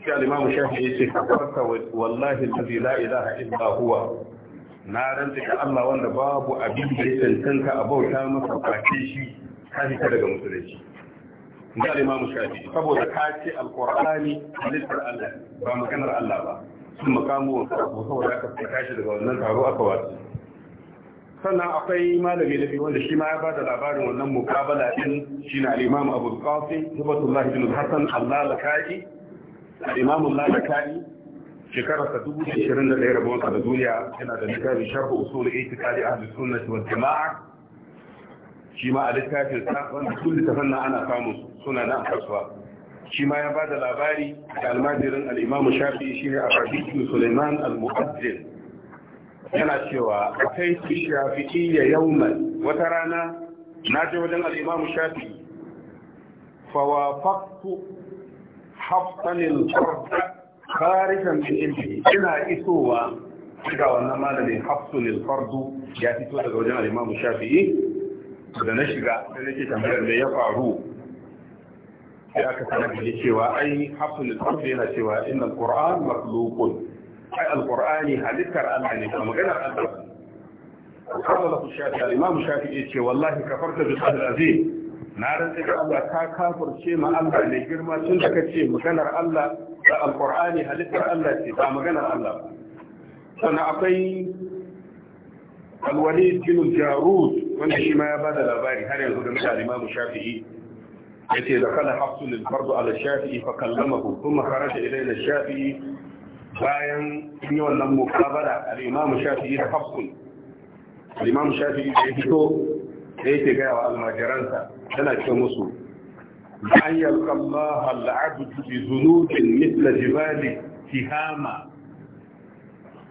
shi alimamu Shafi ya ce kafarta wallahi allazi la ilaha illa huwa na ranta da Allah wanda babu abin da ya tantanta a bauta masa kwace shi ka fita daga musulunci da alimamu Shafi saboda ka ce alqur'ani halittar Allah ba maganar Allah ba sun makamu wa saboda ka fita shi daga wannan taro aka wasu sannan akwai malami da wanda shi ma ya da labarin wannan mukabala din shi al-Imam Abu Qasim Zubatullah ibn Hassan al-Lalakai al-Imam al-Lalakai shekara ta 2021 rabon sa da duniya yana da littafin sharh usul i'tiqadi ahli sunnah wal jamaa shi ma a littafin sa wanda kullu tafanna ana samu suna na kasuwa shi ma ya ba da labari da almajirin Shafi shi ne a Abu Suleiman al-Muqaddim yana cewa kai akai su yau mai." wata rana na je wajen al'imamu shafi'i Faktu haftanin farda kharijan min ilmi ina isowa ga wannan malamin haftanin fardu ya fito daga wajen al'imamu shafi'i da na shiga da nake tambayar me ya faru sai aka sanar da cewa ai haftanin fardu yana cewa innal qur'an makhluqun ai alqur'ani halittar Allah ne kuma maganar Allah kama da shafi al-imam shafi ya ce wallahi kafarta bi al-azim na rantsa da Allah ka kafirce ma Allah ne girma tun da kace maganar Allah da alqur'ani halittar Allah ce ba maganar Allah sannan akwai alwalid bin jarud wanda shi ma ya bada labari har yanzu da al-imam shafi'i yace da kana hafsul al fardu ala shafi'i fa kallamahu thumma kharaja ilayna shafi'i bayan yi wannan mukabara al shafi yi da hafsun al-imam shafi'i da ya fito da yake gaya wa almajiransa tana ce musu an yalqa Allah al-abdu bi zunubin mithla jibali tihama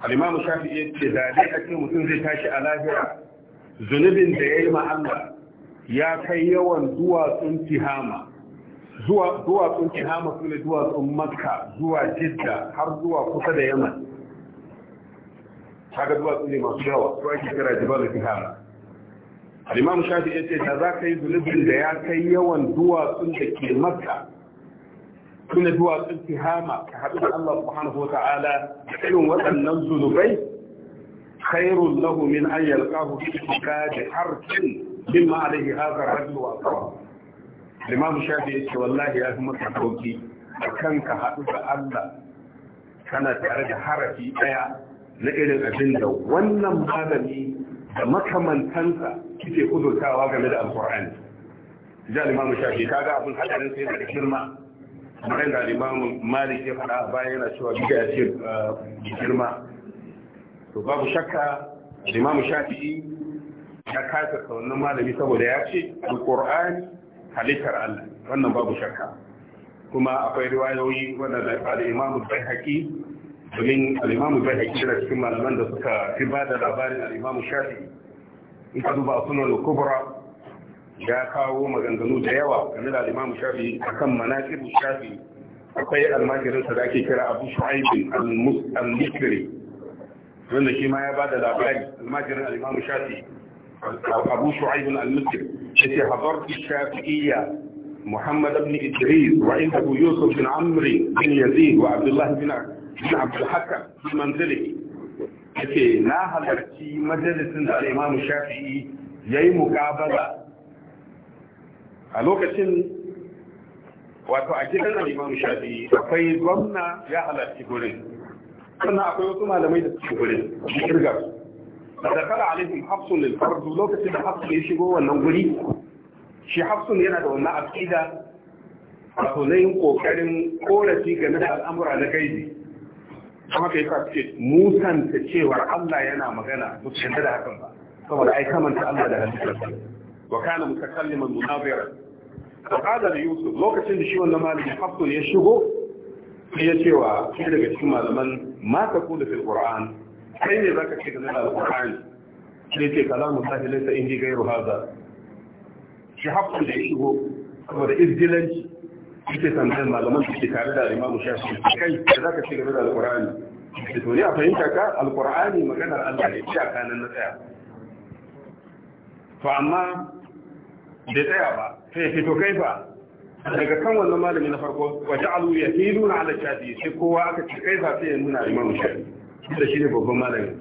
al-imam shafi'i ce, da a ake mutum zai tashi a lahira zunubin da ya yi Allah ya kai yawan duwatsun hama. zuwa zuwa duwatsun kihama su ne duwatsun makka zuwa jidda har zuwa kusa da yaman kaga duwatsu ne masu yawa su ake kira jibalul kihama al-imam shafi ya ce da za ka yi zunubin da ya kai yawan zuwa duwatsun da ke makka zuwa duwatsun kihama ka haɗu da Allah subhanahu wa ta'ala da irin waɗannan zunubai khairun lahu min an yalqahu fi kitabi harfin mimma alayhi hadha ar-rajul wa ashabu limamu shafi ya ce wallahi ya fi maka sauki a ka haɗu da Allah kana tare da harafi ɗaya na irin abin da wannan malami da makamantansa kike kudurtawa game da alkur'ani ja limamu shafi kaga abin hadarin sai da girma kamar da limamu malik ya faɗa a baya yana cewa bida ya ce uh, girma to babu shakka limamu Shafi ya kasa wannan malami saboda ya ce alkur'ani halittar Allah wannan babu shakka kuma akwai riwayoyi da al bai haƙi domin al bai haƙi da cikin malaman da suka fi ba da labarin al shafi. Shafi'i in ka duba sunan al-Kubra ya kawo maganganu da yawa game da al shafi Shafi'i akan manaqib shafi akwai almajirinsa da ake kira Abu shu'aibin al-Muslim wanda shi ma ya ba da labari almajirin al shafi. أبو شعيب المسلم التي حضرت الشافعية محمد بن إدريس وعنده يوسف بن عمري بن يزيد وعبد الله بن عبد الحكم في منزله التي ناهلت في مجلس الإمام الشافعي يي مقابلة الوقتين wato a gidan imamu shafi akwai gwamna ya halarci gurin sannan akwai wasu malamai da suke gurin su kirga su da kala alaihim hafsun lil fardu lokacin da hafsun ya shigo wannan guri shi hafsun yana da wannan aqida wato na yin kokarin korafi game da al'amura na gaibi kuma kai ka ce ta cewar Allah yana magana ba su da hakan ba saboda ai kamanta Allah da halittarsa wa kana mutakalliman munaziran wa qala yusuf lokacin da shi wannan malamin hafsun ya shigo sai ya cewa shi daga cikin malaman ma ta kula fil qur'an kai ne zaka ce game da Al-Qur'ani? sai ce kalamu sahi laysa indi ghayru hadha shi hakku da shigo saboda izdilanci yake tambayar malaman da ke tare da imamu shafi kai da zaka ce game da alqur'ani da to ne a fahimta ka Al-Qur'ani maganar Allah ne shi kanan na tsaya to amma bai tsaya ba sai fito kai ba daga kan wannan malami na farko waje alu ya nuna ala shafi sai kowa aka ce kai ba sai ya nuna imamu shafi da shi ne babban malami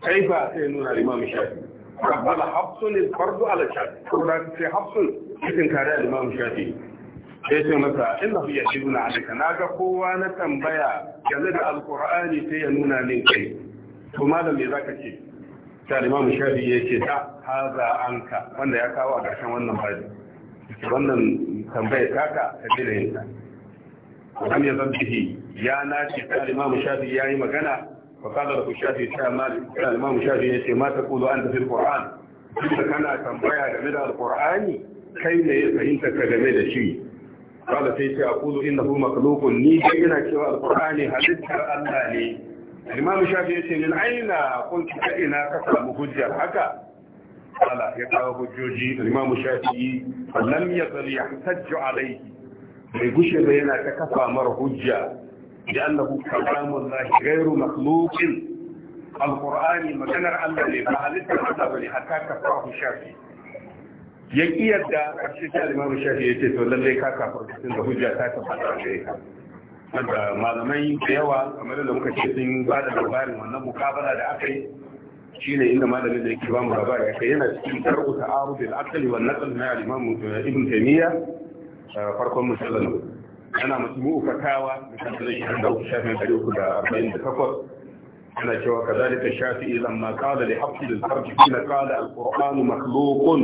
kai ba sai nuna limamu shafi kabbala hafsun ne fardu ala shafi ko da sai hafsun cikin kare a limamu shafi sai sai masa inda su yashi nuna alika na ga kowa na tambaya yanzu da alkur'ani sai ya nuna min kai to malam me za ka ce ta limamu shafi ya ce ta haza anka wanda ya kawo a ƙarshen wannan baji wannan tambayar taka ta bilayinta lam yazan bihi ya nace kan imam shafi yayi magana fa kada da shafi ta malik kan imam shafi yace ma ta kulu anta fil qur'an duk kana tambaya game da alqur'ani kai ne ya fahimta ka game da shi kada sai ce aqulu innahu makhluqun ni dai ina cewa alqur'ani halittar Allah ne imam shafi yace min aina kuntu ta ina ka samu haka قال يقرأ حجوجي الإمام الشافعي فلم يزل يحتج عليه bai gushe ba yana ta kafa mara hujja da annahu kalamun lahi gairu makhluqin alqur'ani maganar Allah ne ba halittar ta bane hatta kafahu shafi ya kiyarda karshe ta limamu shafi ce to lalle ka kafar cikin da hujja ta tabbata gare ka wanda malamai da yawa kamar da muka ce sun ba da labarin wannan mukabala da aka yi shine inda malamin da yake ba mu labari aka yana cikin tarku ta al-aqli wal naql na al ibn taymiyyah Eh, farkon musallan ana musulmi fatawa misalin da shafin 348 أنا شوى كذلك الشافعي لما قال لحفظ الفرج حين قال القرآن مخلوق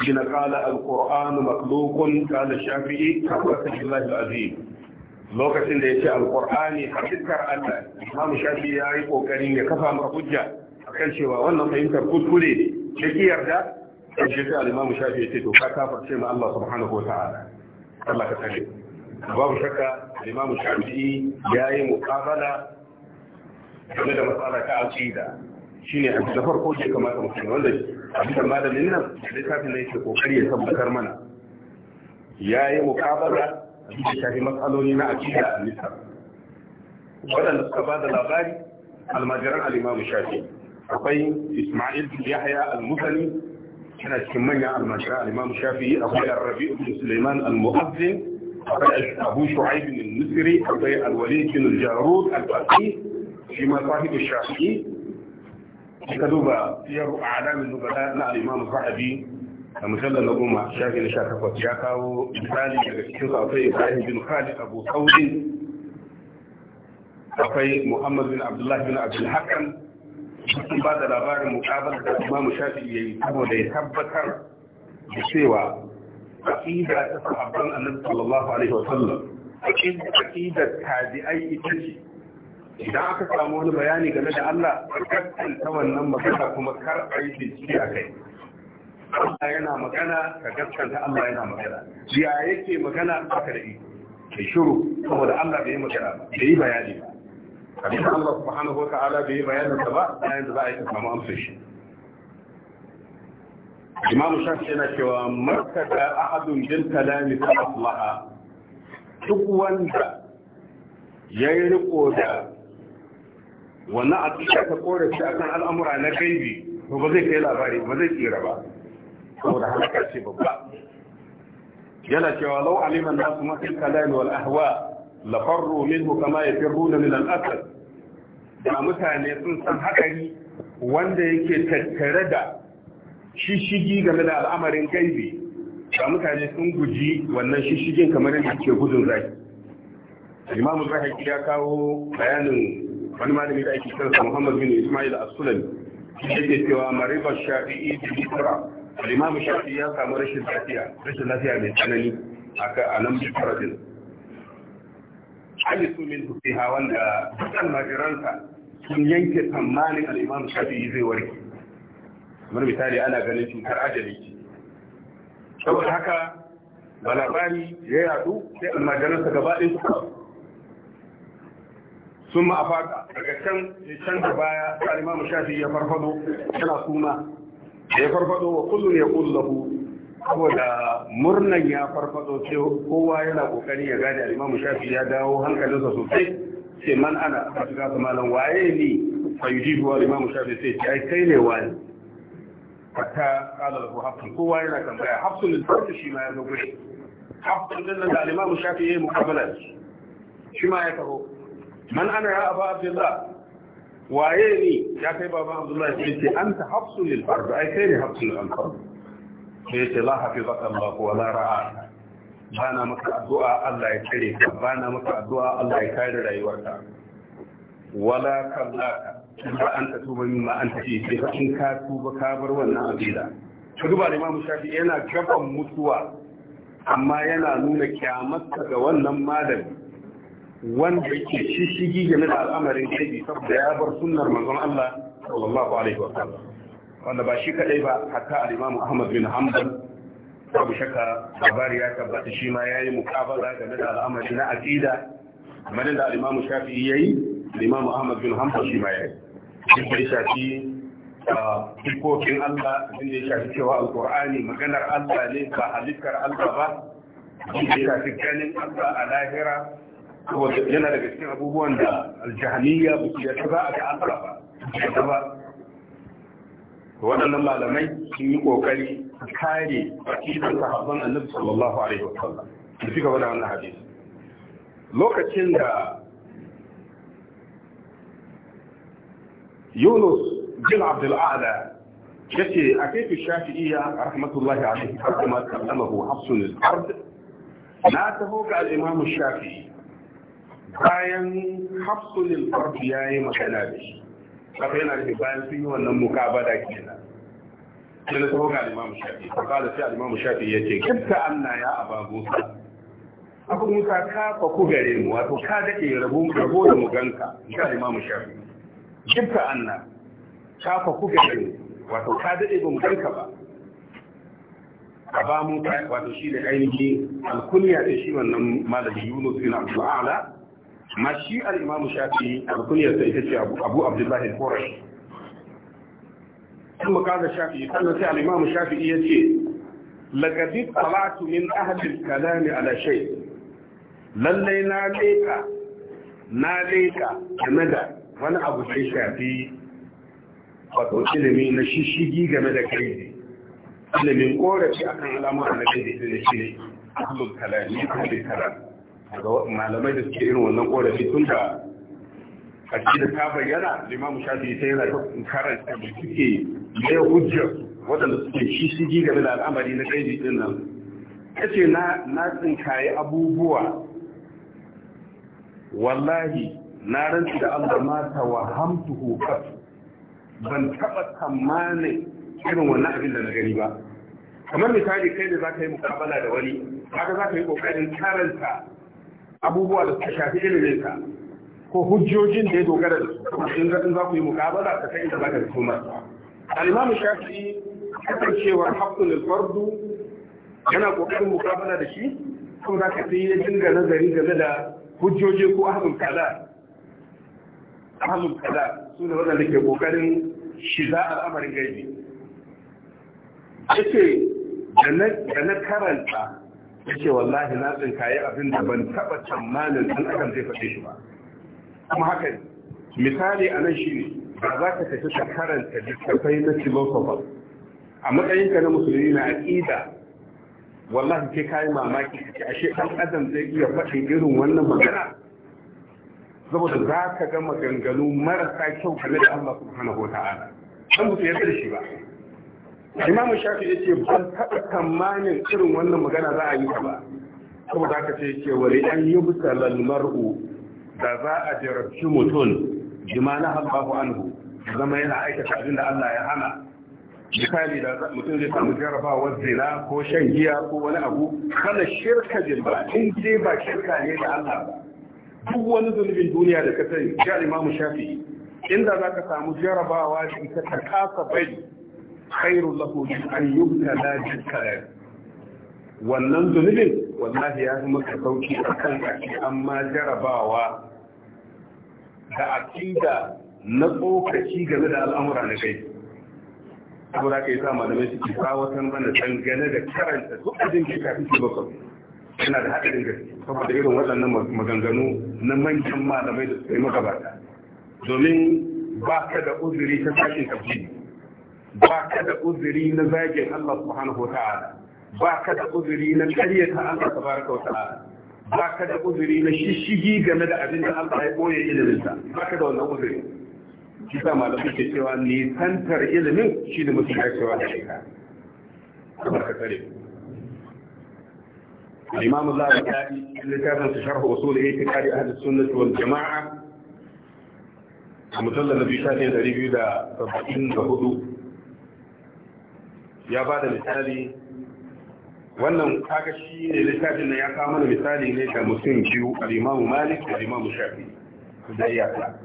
حين قال القرآن مخلوق قال الشافعي حفظة الله العظيم Lokacin da yace alqur'ani hakikar Allah Imam Shafi yayi kokarin ya kafa maka hujja akan cewa wannan fahimtar kuskure ne yake yarda dan shi sai al-Imam Shafi'i yace to ka kafirce ma Allah subhanahu wa ta'ala Allah ka kashe babu shakka al-Imam Shafi'i yayi muqabala game da matsala ta aqida shine a da farko ke kamata mutum wanda abin da malamin nan littafin da yake kokari ya tabbatar mana yayi muqabala abin da shafi matsaloli na aqida a littafin waɗanda suka ba da labari almajiran al-Imam Shafi'i akwai Ismail bin Yahya al-Musani كان كما المشرع الإمام الشافعي أبو الربيع بن سليمان المؤذن أبو شعيب المصري أبو الوليد بن الجارود الفقي في مصاحب الشافعي كتب سير أعلام النبلاء الإمام الصحابي المجلد الأمة الشافعي لشافعي فتياكا وإبتالي لكن أبو إبراهيم بن خالد أبو ثوري أبو محمد بن عبد الله بن عبد الحكم sun ba da labarin mukabar da imamu shafi ya yi saboda ya tabbatar da cewa aƙida ta sahabban annabi sallallahu alaihi wa sallam aƙidar tabi'ai ita ce idan aka samu wani bayani game da Allah kakkan ta wannan magana kuma kar a yi bincike a kai Allah yana magana ka gaskanta Allah yana magana ya yake magana aka da iko shiru saboda Allah bai yi magana bai yi bayani ba abin da Allah subhanahu wa ta'ala bai bayanin sa ba bayan da za a yi samu amsar shi imamu shafi yana cewa markata ahadun jin kalami ta aslaha duk wanda ya yi riko da wani aƙida ta korafi akan al'amura na gaibi ko ba zai kai labari ba zai tsira ba saboda halaka ce babba yana cewa lau aliman nasu masu kalami wal ahwa lafarru minhu kama yafirruna min al-asad da mutane sun san haƙari wanda yake tattare da shishigi game da al'amarin gaibi da mutane sun guji wannan shishigin kamar yadda ke gudun zai imamu haƙi ya kawo bayanin wani malami da ake kansa muhammad bin ismail as-sulami yake cewa mariba shafi'i da bisara al-imamu shafi'i ya samu rashin lafiya rashin lafiya mai tsanani a nan bisara din Hali hadisu min hufiha wanda dukkan majiransa sun yanke tsammanin al'imam shafi'i zai warke kamar misali ana ganin cutar ajali ce saboda haka ba labari ya yadu sai almajiransa gaba ɗin suka sun ma afaka daga can can da baya al'imam shafi'i ya farfado yana suna ya farfado wa kullum ya kullahu saboda murnan ya farfado sai kowa yana kokari ya gane al'imamu Shafi ya dawo hankalinsa sosai sai man ana a shiga su malam waye ni fa yujibu wa al'imamu Shafi sai ai kai ne wani hatta qala lahu hafsun kowa yana tambaya hafsun al-Farsi shi ma ya zo gure hafsun din da al'imamu Shafi ya muqabala shi ma ya taho man ana ya Abu Abdullah waye ni ya kai baban Abdullah sai ce anta hafsun al-Farsi ai kai ne hafsun al-Farsi da yake la hafizaka Allah wa la ra'a bana maka addu'a Allah ya kare ka bana maka addu'a Allah ya kare rayuwarka wala kallaka ba an ta tuba min ma an ta ce sai in ka tuba ka bar wannan abida ka duba da Imam Shafi yana gaban mutuwa amma yana nuna kyamarsa ga wannan malami wanda yake shishigi game da al'amarin kai saboda ya bar sunnar manzon Allah sallallahu alaihi wa sallam wanda ba shi kadai ba hatta al-imamu Ahmad bin Hanbal babu shakka labari ya tabbata shi ma yayi mukabala game da al'amari na aqida kamar da al-imamu Shafi'i yayi al Ahmad bin Hanbal shi ma yayi shi bai shafi dukkokin ah, Allah abin da ya shafi cewa alqur'ani maganar Allah ne ba halittar Allah ba shi ya shafi ganin Allah a lahira yana daga cikin abubuwan da aljahaniya ba su yadda ba a ga Allah ba waɗannan malamai sun yi ƙoƙari kare aƙidar sahabban annabi sallallahu alaihi wa sallam da suka wada wannan hadisi lokacin da Yunus bin Abdul A'la yace a kai Shafi'iyya rahmatullahi alaihi har kuma kallamahu Hafsun al-Ard na taho ga al-Imam Shafi'i bayan Hafsun al-Ard yayi magana da shi haka yana nufin bayan sun yi wannan mukabada kenan sai na taho ga limamu shafi fa kala sai limamu shafi ya ce kibta anna ya aba musa abu musa ka fa ku gare mu wato ka dade rabo da muganka ga limamu shafi kibta anna ka fa ku gare mu wato ka dade ba muganka ba aba musa wato shi da ainihi. alkunya da shi wannan malami yunus bin abdul a'la amma shi al-imamu shafi al-kunyarsa ita ce abu abdullahi al-qurashi kuma kaga shafi sannan sai al'imamu shafi iya ce laqad talatu min ahli al-kalam ala shay lalle na leka na leka game da wani abu sai shafi wato ilimi na shishigi game da kai ne ilimin korafi akan al'amuran na kai da shi ne ahlul kalam ne ahlul kalam ga malamai da suke irin wannan korafi tun da ƙarshe da ta bayyana limamu shafi ta yana karanta da suke mai hujjar waɗanda suke shi ji game da al'amari na kai ɗin nan ya ce na tsinkaye abubuwa wallahi na rantsu da allah ma wa hamtu hukar ban taɓa tsammanin irin wannan abin da na gani ba kamar misali kai ne za ka yi mukabala da wani haka za ka yi ƙoƙarin karanta abubuwa da suka shafi ilimin ka ko hujjojin da ya dogara da su in ga in za ku yi muqabala ka kai da zaka fito masa al-imam shafi'i kasancewar al fardu yana ƙoƙarin muƙabala da shi ko za ka sai ya dinga nazari game da hujjoji ko ahlul kalam ahlul kalam su ne wanda ke ƙoƙarin shiga al'amarin gaibi yace da na karanta ya ce wallahi na tsinkaye abin da ban taɓa tsammanin ɗan adam zai faɗe shi ba kuma haka misali a nan shi ne ba za ka tafi ka karanta littattafai na philosopher a matsayinka na musulmi na aƙida wallahi ke kayi mamaki kace ashe ɗan adam zai iya faɗin irin wannan magana saboda za ka ga maganganu marasa kyau game da Allah subhanahu wa ta'ala dan mutum ya shi ba imamu shafi ya ce ban taɓa tsammanin irin wannan magana za a yi ba saboda za ka ce wani an yi misalan mar'u da za a jarabci mutum jima na an anhu zama yana aikata abin da Allah ya hana misali da mutum zai samu jarabawar zina ko shan giya ko wani abu Kala shirka jilba in ce ba shirka ne da Allah ba duk wani zunubin duniya da ka sani ya imamu shafi inda za ka samu jarabawa da ita ta kasa bai khairun lahu min an yubtala bil wannan zunubin wallahi ya fi ka sauki akan ake amma jarabawa da akida na tsokaci game da al'amura na kai saboda ka yi sa malamai suke kawatan mana dangane da karanta duk abin da kafin su bakwai yana da haɗarin gaske saboda irin waɗannan maganganu na manyan malamai da su yi magabata domin ba ka da uzuri ta sashen tafsiri ba ka da uzuri na zagin Allah subhanahu wata'ala ba ka da uzuri na karyata Allah tabaraka wata'ala ba ka da uzuri na shishigi game da abin da Allah ya boye iliminsa ba ka da wannan uzuri shi sa malamai ke cewa nisantar ilimin shi ne mutum ya cewa da shekara kamar ka tsare الإمام الزهري اللي كان شرح أصول اعتقاد أهل السنة والجماعة المجلد الذي شاهد ريفيو ده 74 ya ba da misali wannan kaga shi ne littafin na ya kawo mana misali ne da mutum biyu al'imamu malik da al'imamu shafi da iyaka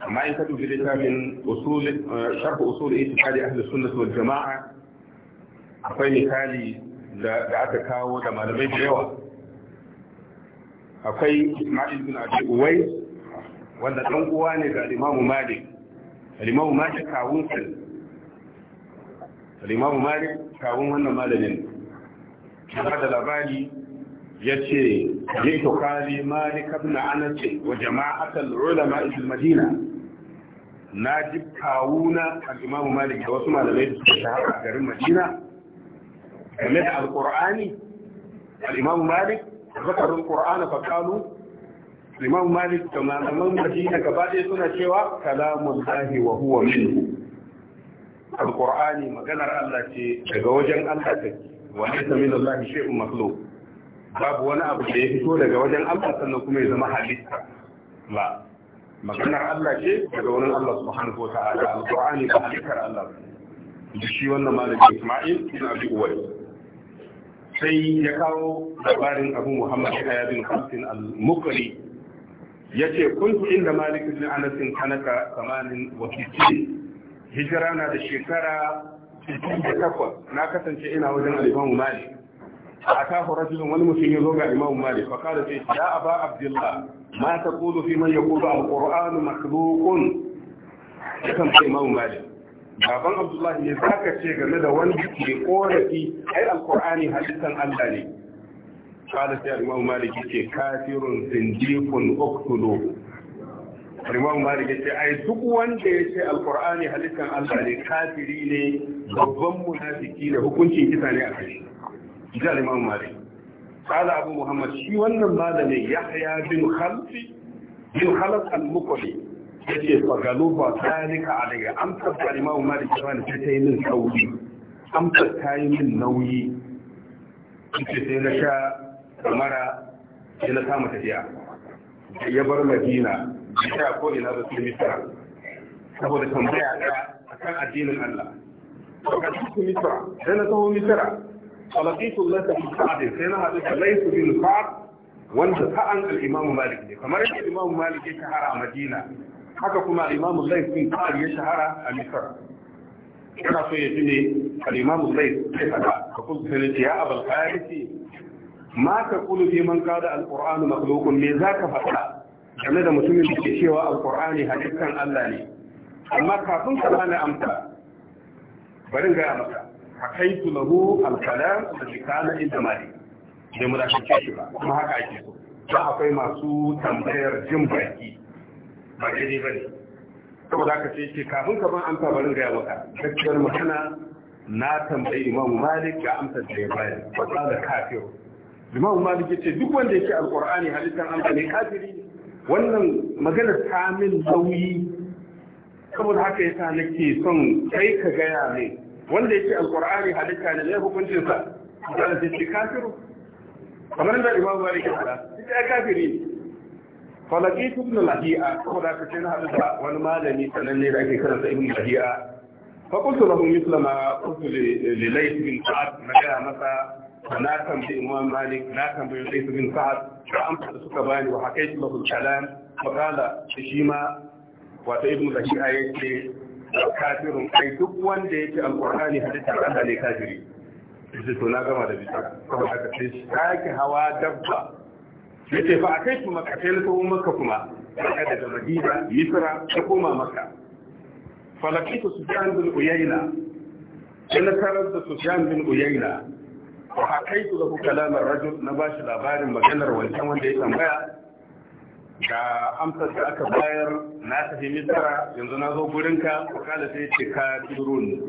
amma in ka dubi littafin eh, sharh usul itikadi ahli sunnah wal jama'a akwai misali da aka kawo da malamai da yawa akwai isma'il bin abi uwais wanda dan uwa ne ga al'imamu malik al'imamu malik kawunsa al-imamu malik kawun wannan malamin ya da labari ya ce yato kali malik ibn anas wa jama'atul ulama fil madina na ji kawuna al malik da wasu malamai da suka shahara a garin madina game da al-qur'ani al malik zakarun qur'ana fa qalu al malik da malaman madina gaba ɗaya suna cewa kalamun lahi wa huwa minhu alqur'ani maganar Allah ce daga wajen Allah take wa laysa min Allah shay'un makhluq babu wani abu da ya fito daga wajen Allah sannan kuma ya zama halitta Ba maganar Allah ce daga wurin Allah subhanahu wa ta'ala alqur'ani ba halittar Allah da shi wannan malamin Isma'il ibn Abi Uwais sai ya kawo labarin Abu Muhammad Yahya bin Qasim al-Muqri yace kuntu inda Malik ibn Anas kanaka 80 wa hijira na da shekara 68 na kasance ina wajen al wani Malik أتاه رجل والمسلم يزوج إمام مالك فقال فيه يا أبا عبد الله ما تقول في من يقول القرآن مخلوق كم إمام مالك baban Abdullahi ne za ka ce game da wanda ke korafi ai alkur'ani hadisan Allah ne kada sai Malik ce kafirun zindiqun uqtulu Imam Malik ce ai duk wanda ya yace alqur'ani halittan Allah ne kafiri ne babban munafiki ne hukuncin kisa ne a kai ji Imam Malik قال أبو muhammad shi wannan malami Yahya bin Khalfi bin Khalaf al-Muqri yace fagalu ba talika alayya an tabbata Imam Malik cewa ta tayi min sauri an ta yi min nauyi yace sai na sha kamara sai na samu tafiya ya bar Madina ya ko ina da su misra saboda tambaya ta akan addinin Allah ka su misra sai na taho misra falaqitu Allah bin Sa'd sai na hadu da Layth bin Sa'd wanda sa'an al-Imam Malik ne kamar yadda Imam Malik ya shahara a Madina haka kuma Imam Layth bin Sa'd ya shahara a Misra kana so ya ji ne al-Imam Layth sai fada ka kullu sai ya abul Harisi ma ta kulu fi man qala al-Qur'an makhluqun me zaka fada game da mutumin da ke cewa alkur'ani halittan Allah ne amma kafin ka bani amsa bari ga maka su lahu alkalam da kana inda mali da mu da shi ba kuma haka ake so ba akwai masu tambayar jin baki ba ke ne. bane kuma za ka ce kafin ka bani amsa bari ga maka gaskiyar magana na tambayi imam malik ga amsa da ya bayar za da kafiru imam malik ce duk wanda yake alqur'ani halittan Allah ne kafiri wannan maganar ta min nauyi saboda haka yasa nake son kai ka gaya ne wanda yake alqur'ani halitta ne ne hukuncin sa da ce shi kafiru kamar da imamu bari ke fara shi ya kafiri falaqitu ibn lahi'a saboda haka sai na hadu da wani malami ne da ake karanta ibn lahi'a fa qultu lahu mithla ma qultu li layth bin na magana masa na tambayi imam malik na tambayi sai bin sa'ad da amsa da suka bani wa hakaitu lahu kalam makala shi ma wato ibnu zakira yake kafirun ai duk wanda yake alqur'ani hadisin Allah ne kafiri yace to na gama da bita saboda haka sai sake hawa dabba yace fa akai kuma ka kai ko maka kuma daga daga Madina Misra ta koma maka falakitu Sufyan bin Uyayna sai na karar da Sufyan bin Uyayna wa da kuka kalamar rajul na ba shi labarin maganar wancan wanda ya tambaya ga amsar da aka bayar na tafi misra yanzu na zo gurinka ku kala sai ce ne.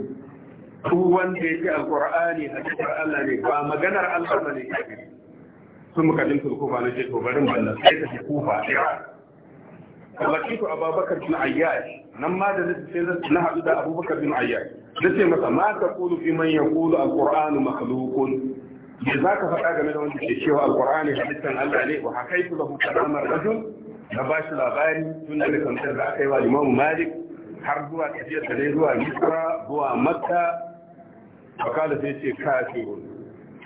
duk wanda ya ce alqur'ani hadisar Allah ne ba maganar Allah bane kafiri sun mukallin kufa na ce to barin balla sai ka kufa ira kalakitu Ababakar bin ayyash nan ma da sai na haɗu da abubakar bin ayyash nace masa ma ta kulu fi man yaqulu alqur'anu makhluqun ya za ka faɗa game da wanda ke cewa alqur'ani halittan Allah ne wa hakaitu lahu kalamar rajul na ba shi labari tun da kamtar da aka yi wa Imam Malik har zuwa tafiyar da ne zuwa Misra zuwa Makka fakala sai ce kafirun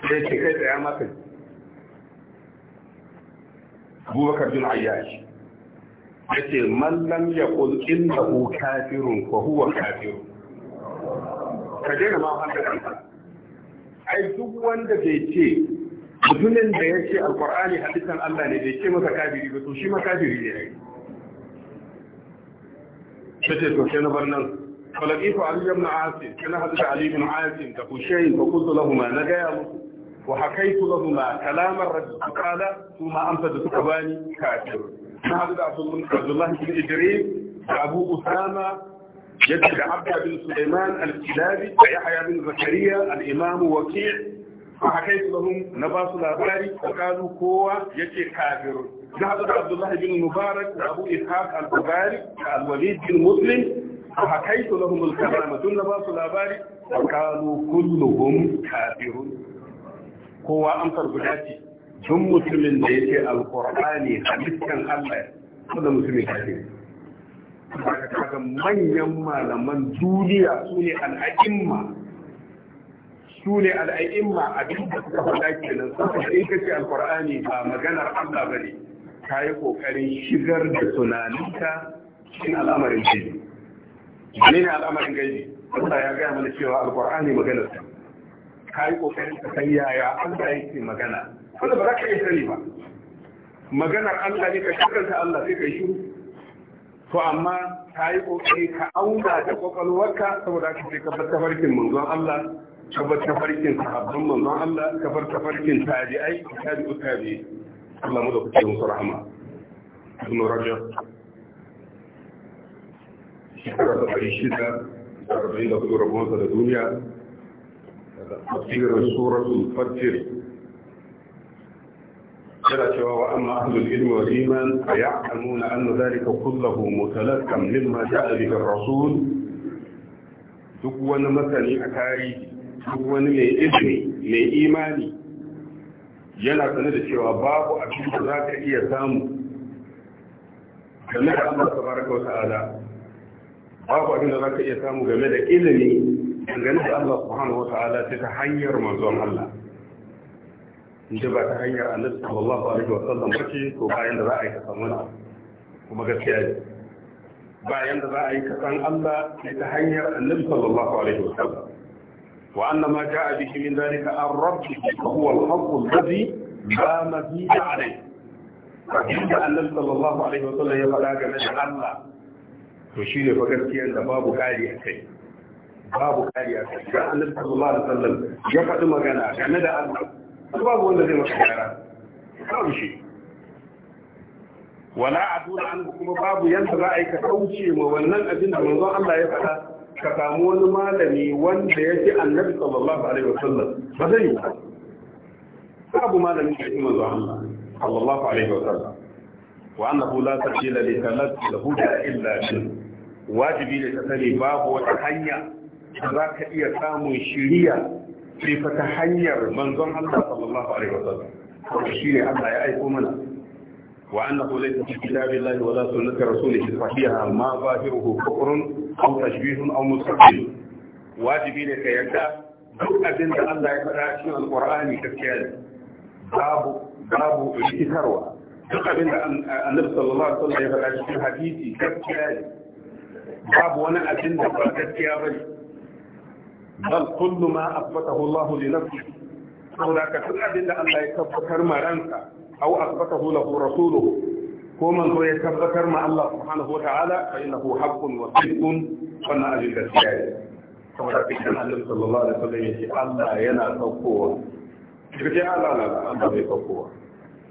sai ce kai tsaya maka Abubakar bin Ayyash yace man lam yaqul innahu kafirun fa huwa kafirun ka daina ma wanda kanka ai duk wanda bai ce mutumin da ya ce alkur'ani hadisan Allah ne bai ce masa kafiri ba to shi ma kafiri ne ai kace to sai na bar nan falakitu ali ibn asim kana hadda ali ibn asim da husayn fa qultu lahum na ga ya musu wa hakaitu lahum kalam ar-rajul qala thumma amsatu kabani kafir na hadda abdullah ibn idris abu usama يجد عبد بن سليمان الكلابي ويحيى بن زكريا الإمام وكيع فحكيت لهم نباس الأباري وقالوا كوا يجي كافر نحضر عبد الله بن المبارك وأبو إسحاق البخاري الوليد بن مسلم فحكيت لهم الكلام ثم نباس الأباري وقالوا كلهم كافر كوا أمطر بلاتي ثم مسلم يجي القرآن حديثا الله هذا مسلم كافر kaga manyan malaman duniya su ne al'a'imma su ne al'a'imma abin da suka faɗa nan saboda in ka ce alƙur'ani ba maganar Allah ba ne ka yi ƙoƙarin shigar da tunaninka cikin al'amarin gaji ne ne al'amarin gaji Allah ya gaya mana cewa alƙur'ani maganar sa ka yi ƙoƙarin ka san yaya Allah yake magana wanda ba za ka iya sani ba maganar Allah ne ka ta Allah sai ka yi shiru to amma ka yi ƙoƙari ka auna da ƙwaƙwalwarka saboda ka ce ka bar farkin manzon Allah ka bar farkin sahabban manzon Allah ka bar farkin tabi'ai tabi'u tabi'i Allah mu da kuke musu rahama Ibn Rajab shekara da ɗari shida da arba'in da hudu rabonsa da duniya da tafsirin suratul fatir yana cewa wa amma ahlul ilmi wal iman fa ya'lamuna anna dhalika kulluhu mutalakkan mimma ja'a bihi ar-rasul duk wani masani a tarihi duk wani mai ilimi mai imani yana sanar da cewa babu abin da za ka iya samu game da Allah tabaraka wa ta'ala babu abin da za ka iya samu game da ilimi dangane da Allah subhanahu wa ta'ala ta hanyar manzon Allah inda ba ta hanyar annabi sallallahu alaihi wa sallam bace to bayan da za a yi ka samu kuma gaskiya ne bayan da za a yi ka san Allah sai ta hanyar annabi sallallahu alaihi wa sallam wa anna ma ja'a bihi min dhalika ar-rabb fa huwa al-haqqu alladhi la mabida alayhi fahimta annabi sallallahu alaihi wa sallam ya faɗa game da Allah to shi ne fa gaskiyar da babu kari a kai babu kari a kai ga annabi sallallahu alaihi wa sallam ya faɗi magana game da Allah su babu wanda zai masa gyara babu shi wala a dole an kuma babu yadda za a yi ka kauce ma wannan abin da manzon Allah ya faɗa ka samu wani malami wanda ya fi annabi sallallahu alaihi sallam. ba zai yi ba babu malamin da ya fi manzon Allah sallallahu alaihi sallam. wa annahu la sabila li talaqi al-huda illa bi wajibi ne ka sani babu wata hanya da za ka iya samun shiriya sai fa ta hanyar manzon Allah sallallahu alaihi wasallam shi ne Allah ya aiko mana wa annahu laysa fi kitabillahi wala sunnati rasulihi sahiha ma zahiruhu kufrun aw tashbihun aw mustaqil wajibi ne ka yadda? duk abin da Allah ya faɗa cikin alqur'ani gaskiya ne babu babu rikitarwa duk abin da annabi sallallahu alaihi wasallam ya faɗa cikin hadisi gaskiya ne babu wani abin da ba gaskiya bane بل كل ما اثبته الله لنفسه هناك كل ادله ان لا يتفكر ما رانك او اثبته له رسوله كما هو يتذكر ما الله سبحانه وتعالى فانه حق وصدق فانا اهل ولكن كما ذكر النبي صلى الله عليه وسلم يجي الله ينا صفوه يجي الله لا لا الله بيصفوه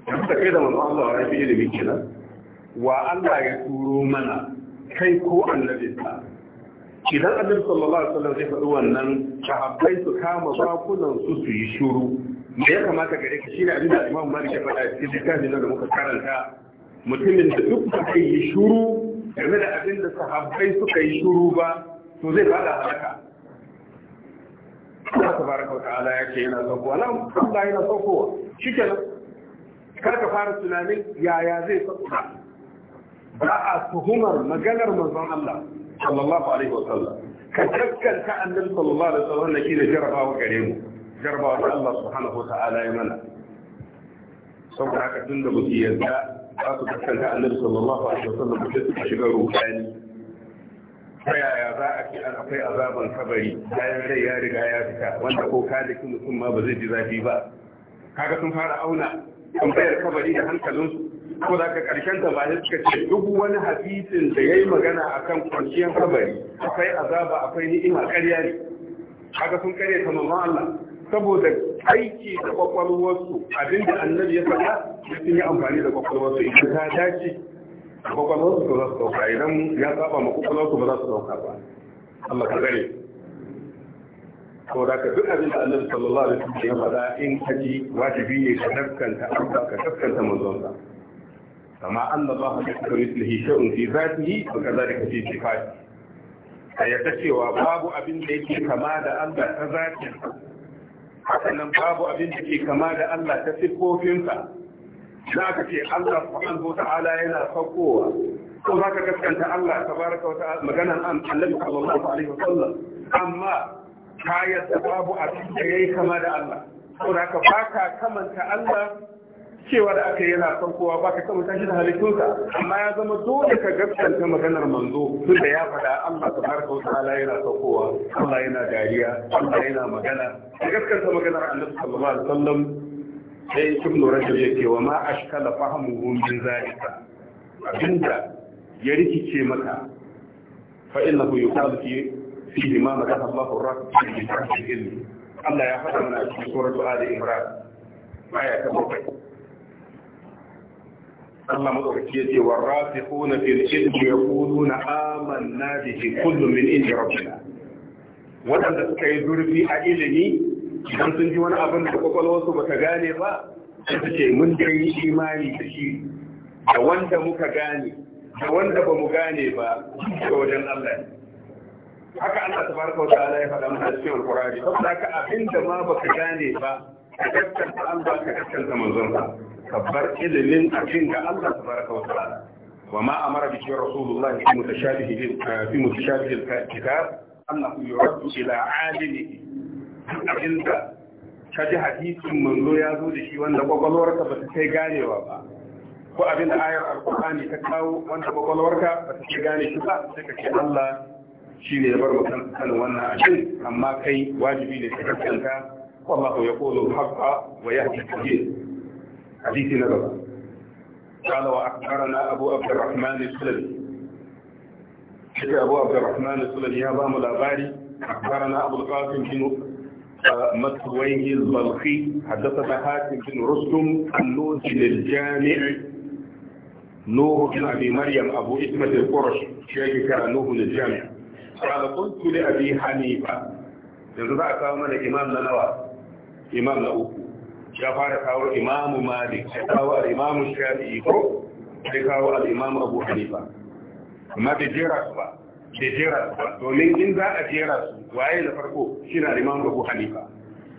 حتى كده الله عليه وسلم وان لا منا كيف هو النبي الله idan abin sallallahu alaihi wasallam zai faɗi wannan sahabbai su kama bakunan su su yi shuru me ya kamata gare ka shine abin da Imam Malik ya faɗa cikin littafin da muka karanta mutumin da duk ba yi shuru game da abin da sahabbai suka yi shuru ba to zai fada halaka Allah tabaraka wa ta'ala ya ce yana saukowa nan Allah yana saukowa shikenan kar ka fara tunanin yaya zai sauka ba a tuhumar maganar manzon Allah sallallahu alaihi wa ka gaskanta annabi sallallahu alaihi wa sallam da ke da jarabawa gare mu jarabawa da Allah subhanahu wa ta'ala ya mana saboda haka tun da muke yarda za su gaskanta annabi sallallahu alaihi wa sallam da suka shiga ruhani ta yaya za a ci an akwai azaban kabari bayan rai ya riga ya fita wanda ko ka da mutum ma ba zai ji zafi ba kaga sun fara auna tambayar kabari da hankalinsu ko da ka karshen ta ba suka ce duk wani hadisin da ya yi magana akan kwanciyar kabari akwai azaba akwai ni'ima ƙarya ne haka sun kare ta mamman Allah saboda aiki da kwakwalwarsu abinda annabi ya faɗa ya sun yi amfani da kwakwalwarsu idan ta dace kwakwalwarsu ba za su ɗauka, idan ya saba ma kwakwalwarsu ba za su ɗauka ba Allah ka gare ko da ka duk abin da Annabi sallallahu alaihi wasallam ya faɗa in kaji wajibi ne ka tafkanta Allah ka tafkanta manzon sa kama anna Allah ya kafa mislihi shay'un fi zatihi wa kadhalika fi sifatihi ka yarda cewa babu abin da yake kama da Allah ta zatin sannan babu abin da ke kama da Allah ta siffofinsa za ka ce Allah subhanahu wa ta'ala yana saukowa ko za ka gaskanta Allah tabaraka wa ta'ala maganar annabi sallallahu alaihi wa sallam amma kayar da babu abin da ya yi kama da Allah. ka baka kamanta Allah cewa da aka yana son kowa ba ka kamata tashi da halittunsa amma ya zama dole ka gaskanta maganar manzo tunda ya faɗa Allah tabaraka wa ta'ala yana son kowa Allah yana dariya Allah yana magana ka gaskanta maganar Annabi sallallahu alaihi wasallam sai Ibn Rajab yake wa ma ashkala fahmuhu min zalika abinda ya rikice maka fa innahu yuqalu fi fihi ma madaha Allahu ar-rahman bi Allah ya faɗa mana a cikin suratul Ali Imran aya ta 7 Allah madaukaki ya ce wa rafiquna fil na yaquluna amanna bihi kullum min indi rabbina Waɗanda suka yi zurfi a ilimi idan sun ji wani abin da kwakwalwarsu ba ta gane ba su ce mun dai yi imani da shi da wanda muka gane da wanda ba mu gane ba da wajen Allah ne haka Allah ta baraka wata ala ya faɗa mana cikin alkurari saboda haka abin da ma ka gane ba ka gaskanta Allah ka gaskanta manzon sa ka bar ilimin abin ga Allah baraka wa ta'ala wa ma amara bi rasulullah fi mutashabihi fi mutashabihi al-kitab annahu yuraddu ila alimi abin da ka ji hadisin manzo ya zo da shi wanda kwakwalwarka ba ta kai ganewa ba ko abin da ayar alkur'ani ta kawo wanda kwakwalwarka ba ta kai gane shi ba sai ka ce Allah shi ne ya bar mu kan wannan ashin amma kai wajibi ne ka kankanta wallahu yaqulu al-haqqa wa حديث نبوي قال وأخبرنا أبو عبد الرحمن السلمي حتى أبو عبد الرحمن السلمي هذا ملاباري أخبرنا أبو القاسم بن آه، مكويه البلخي حدثنا حاتم بن رستم النوس للجامع نوح بن أبي مريم أبو إسمة القرش شيخ نوح للجامع قال قلت لأبي حنيفة yanzu za a kawo mana imam ya fara kawo imamu malik ya kawo al'imamu shafi'i ko ya kawo al'imamu abu hanifa Ma da jera su ba da jera su ba domin in za a jera su waye na farko shi na al'imamu abu hanifa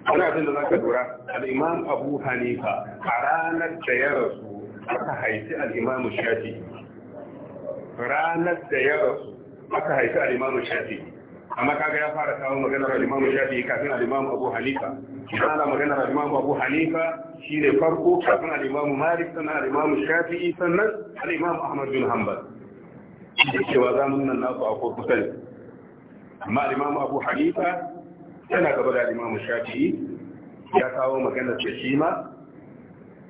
wani abin da za ka lura al'imam abu hanifa a ranar da ya rasu aka haifi al'imamu shafi'i ranar da ya rasu aka haifi al'imamu shafi'i amma kaga ya fara kawo maganar al-Imam shafi kafin al-Imam Abu Hanifa idan ana maganar al-Imam Abu Hanifa shine farko kafin al-Imam Malik sannan al-Imam Shafi'i sannan al-Imam Ahmad bin Hanbal cewa zamanin nan nasu a kurkusa amma al-Imam Abu Hanifa yana gaba da al-Imam Shafi'i ya kawo maganar ta shi ma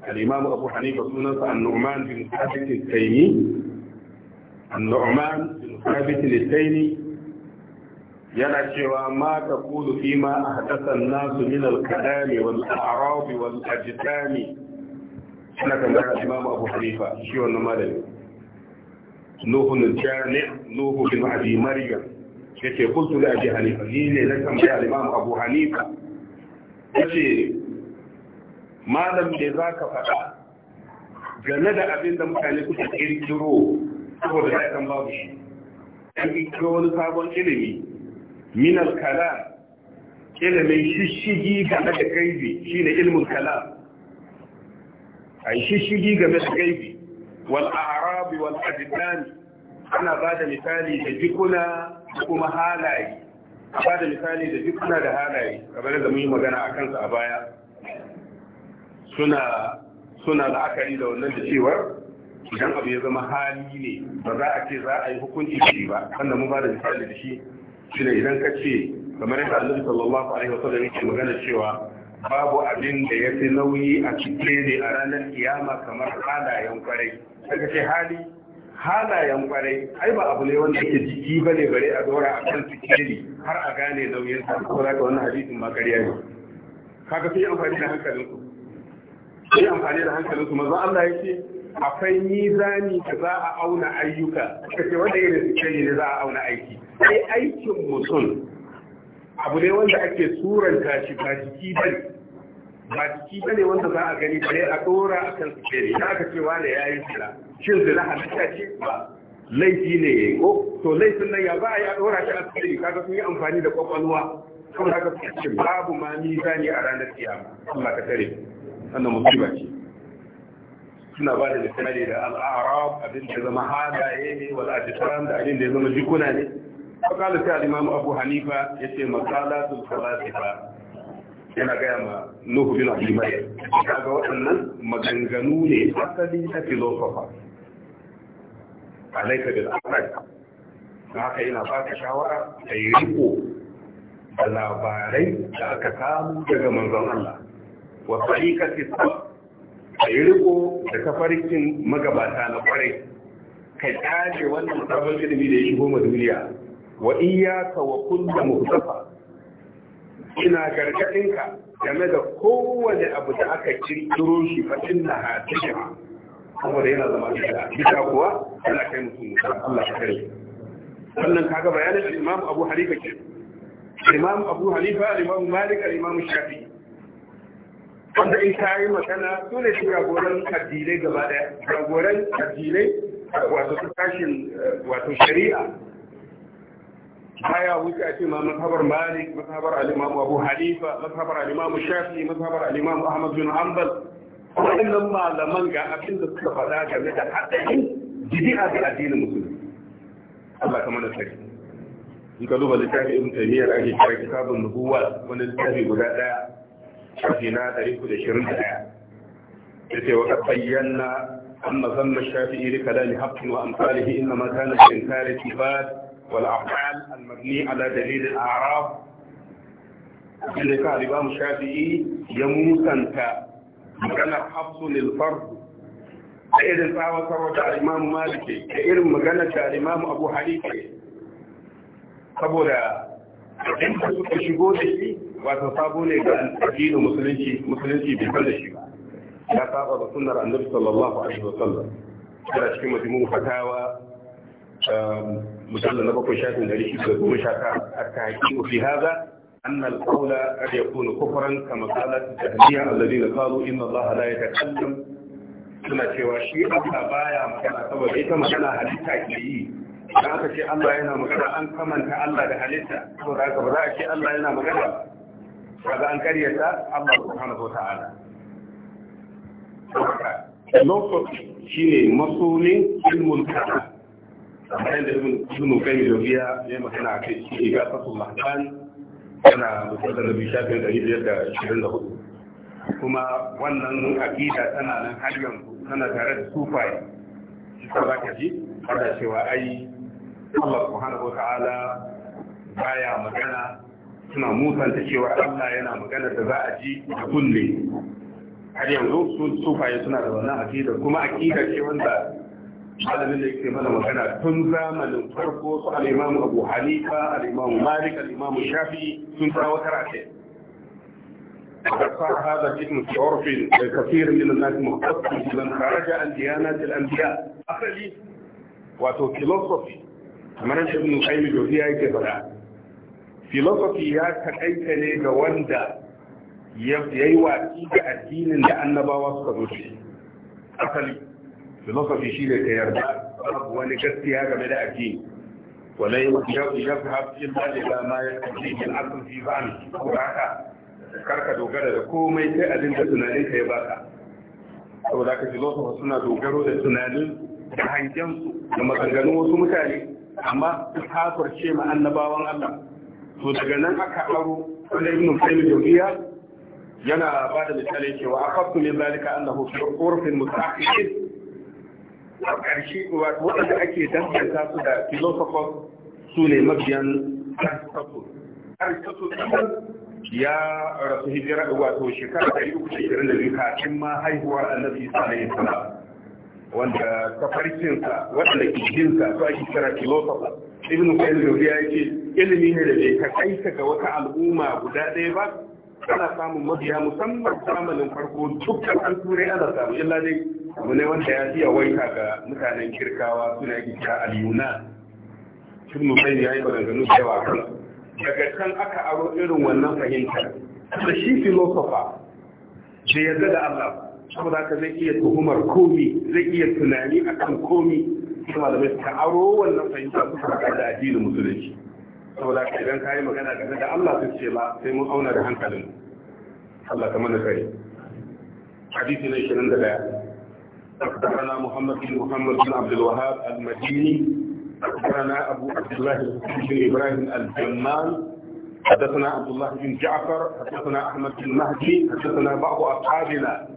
al-Imam Abu Hanifa sunansa An-Nu'man bin Thabit al-Taymi An-Nu'man bin Thabit al-Taymi yana cewa ma ta kulu fi ma a hadasan nasu min al kadami wal a'rabi wal ajtami kan da imamu abu hanifa shi wannan malami nuhu jami nuhu bin abi maryam yace qultu li abi hanifa ni ne na kan da imam abu hanifa yace malam da zaka faɗa game da abin da mutane suka kirkiro saboda ya kan babu shi an kirkiro wani sabon ilimi min al-kalam ilimin shishigi game da gaibi shine ilmul kalam ai shishigi game da gaibi wal a'rab wal adlan ana bada misali da jikuna da kuma halaye a bada misali da jikuna da halaye kamar da mun yi magana a kansa a baya suna suna la'akari da wannan da cewar idan abu ya zama hali ne ba za a ce za a yi hukunci shi ba wanda mun bada misali da shi shi ne idan ka ce kamar yadda annabi sallallahu alaihi wasallam yake magana cewa babu abin da ya fi nauyi a cike ne a ranar kiyama kamar halayen kwarai daga ce hali halayen kwarai ai ba abu ne wanda yake jiki ba ne bare a dora a kan ne har a gane nauyin sa ko da wannan hadisin ma ƙarya ne kaga sai amfani da hankalin ku sai amfani da hankalin ku manzo Allah yake akwai mizani da za a auna ayyuka kace wanda yake sikeli ne za a auna aiki sai aikin mutum abu ne wanda ake suranta shi ba jiki ba ne ba jiki ba ne wanda za a gani ne a tsora a kan su kere ta aka cewa da ya yi zina shin zina halitta ce ba laifi ne ya yi ko to laifin nan ya za a yi a tsora shi a tsiri kaga sun yi amfani da kwakwalwa saboda haka suka ce babu ma ne a ranar kiyama Allah ka tare wannan musiba ce suna ba da misali da al'arab abin da zama halaye ne wal ajisam da abin da ya zama jikuna ne ta فقال abu hanifa ya ce يتي مقالات الفلاسفة yana gaya ma Nuhu bin Abi Ya kaga waɗannan maganganu ne asali na filosofa alaika ahmad Na haka yana baka shawara da riko da labarai da aka samu daga manzon Allah wa tariqati sab yi riko da tafarkin magabata na kwarai kai kaje wannan sabon ilimi da ya shigo ma duniya wa iyyaka wa kullu muhdatha ina gargadinka game da kowane abu da aka kirkiro shi fa inna hadira saboda yana zama bid'a bid'a kuwa yana kai mutum Allah ya kare wannan kaga bayanin Imam Abu Hanifa ke Imam Abu Hanifa Imam Malik Imam Shafi'i wanda in ta yi magana su ne su jagoran addinai gaba daya jagoran addinai wato tashin wato shari'a حياة وجاءتي ما مذهبر مالك مذهبر الإمام أبو حنيفة مذهبر الإمام الشافعي مذهبر الإمام أحمد بن حنبل وإن الله لمن قال أبين دكتور فلا جميع حتى إن جديئة الدين المسلم الله كمان أتكلم يقولوا بالكتاب ابن تيمية رأيه كتاب النبوة ونلتهي ولا لا شفينا تاريخ الشرنة يتي وقد بينا أما ذنب الشافعي لكلام حق وأمثاله إنما كان في إنكار اتفاق والأفعال المبني على دليل الأعراف اللي كان الإمام الشافعي يموت أنت كان حفص للفرد إذن فهو سرد الإمام مالك إذن مجنة الإمام أبو حنيفة saboda inda suka shigo da shi wato sabo ne ga addinin musulunci musulunci bai san da shi ba ya saba da sunnar annabi sallallahu alaihi wa sallam da cikin majmu'u fatawa mujallar na bakwai shafin dari shi da goma sha a kaki fi haza أن القول قد يكون كفرا كما قالت الجهمية الذين قالوا إن الله لا يتكلم suna cewa shi Allah baya magana saboda ita magana halitta ke yi da aka Allah yana magana an kamanta Allah da halitta saboda haka ba za ce Allah yana magana kaga an karyata Allah kamar yadda ibn kai jobiya ya magana a kai shi ga fasul mahdan yana musallar da bishafin ɗari biyar da ashirin da hudu kuma wannan aƙida tana nan har yanzu tana tare da sufaye shi ko za ka ji ana cewa ai Allah subhanahu wa ta'ala baya magana suna musanta cewa Allah yana magana da za a ji da kulle har yanzu sufaye suna da wannan aƙida kuma aƙida ce wanda malamin da yake mana magana tun zamanin farko su al'imamu abu hanifa al'imamu malik al'imamu shafi sun tsawatar a kai وقد هذا الاسم في عرف من الناس مختص من خرج عن ديانات الانبياء اخري واتو فيلوسوفي kamar ibn qayyim jawziya yake faɗa philosophy ya takaita ne ga wanda ya yi watsi da addinin da annabawa suka zo asali filosofi shi ne ta yarda babu wani gaskiya game da addini wala yafhab illa ila ma yaqdihi al-aql fi ba'd ko haka karka dogara da komai sai abin da tunanin ka ya baka saboda ka filosofa suna dogaro da tunanin da hangen da maganganun wasu mutane amma su kafirce ma annabawan Allah to daga nan aka aro wanda ibn Qayyim Jawziya yana ba da misali cewa akhaftu min zalika annahu fi urfin mutaakhir a ƙarshe waɗanda ake danganta su da philosophers su ne mabiyan aristotle aristotle ya rasu hijira wato shekara uku da da 322 kafin ma haihuwar annabi isa alaihi wanda tafarkinsa waɗanda ke jinsa su ake kira philosopher ibn qayyim ya ce ilimi ne da bai ka kaita ga wata al'umma guda ɗaya ba ana samun mafiya musamman zamanin farko dukkan an turai ana samu illa dai abu ne wanda ya fiya waita ga mutanen kirkawa suna gita al-yuna shin mu ya yi maganganu da yawa kan daga can aka aro irin wannan fahimta da shi filosofa da yadda da Allah saboda ka zai iya tuhumar komi zai iya tunani akan komi kuma da mai aro wannan fahimta suka da addinin musulunci saboda ka idan ka yi magana game da Allah sun ce ba sai mun auna da hankalin Allah ka mana kare hadisi na 21 أخبرنا محمد بن محمد بن عبد الوهاب المديني أخبرنا أبو عبد الله بن إبراهيم الجمال حدثنا عبد الله بن جعفر حدثنا أحمد بن مهدي حدثنا بعض أصحابنا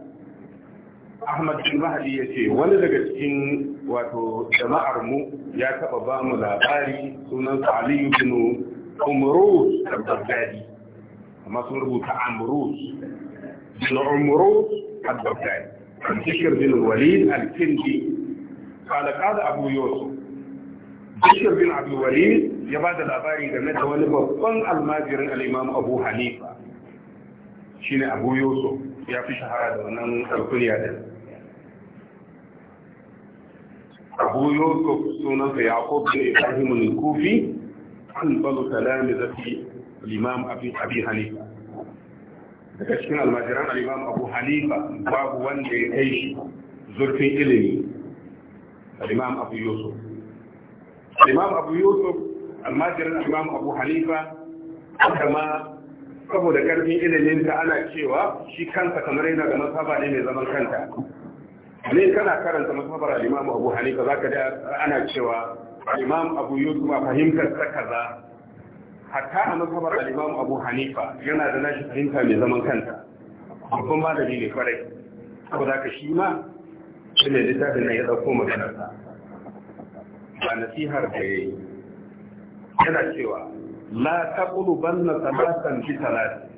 Ahmad bin Mahdi ya ce wani daga cikin wato jama'ar mu ya taba ba mu labari sunan Ali bin Umrus al-Baghdadi amma sun rubuta Amrus bin Umrus al-Baghdadi an Bishr bin Walid al-Kindi qala Abu Yusuf Bishr bin Abu ya ba da labari game da wani babban almajirin al-Imam Abu Hanifa shine Abu Yusuf ya fi shahara da wannan alkuriya da abu yusuf sunansa yaqub bin ibrahim al-kufi an balu talami zafi al-imam abi abi hanifa daga cikin almajiran al-imam abu hanifa babu wanda ya kai shi zurfin ilimi al-imam abu yusuf al-imam abu yusuf almajiran al-imam abu hanifa kama saboda karfin ilimin ta ana cewa shi kansa kamar yana da masaba ne mai zaman kanta ne kana karanta masabar al Abu Hanifa zaka da ana cewa Imam Abu Yusuf a fahimtar ta kaza hatta a masabar al Abu Hanifa yana da nashi fahimta mai zaman kanta ba malami ne kwarai za ka shi ma shi ne littafin nan ya dauko maganarsa sa ba nasihar da yi. yana cewa la taqulubanna salatan bi salati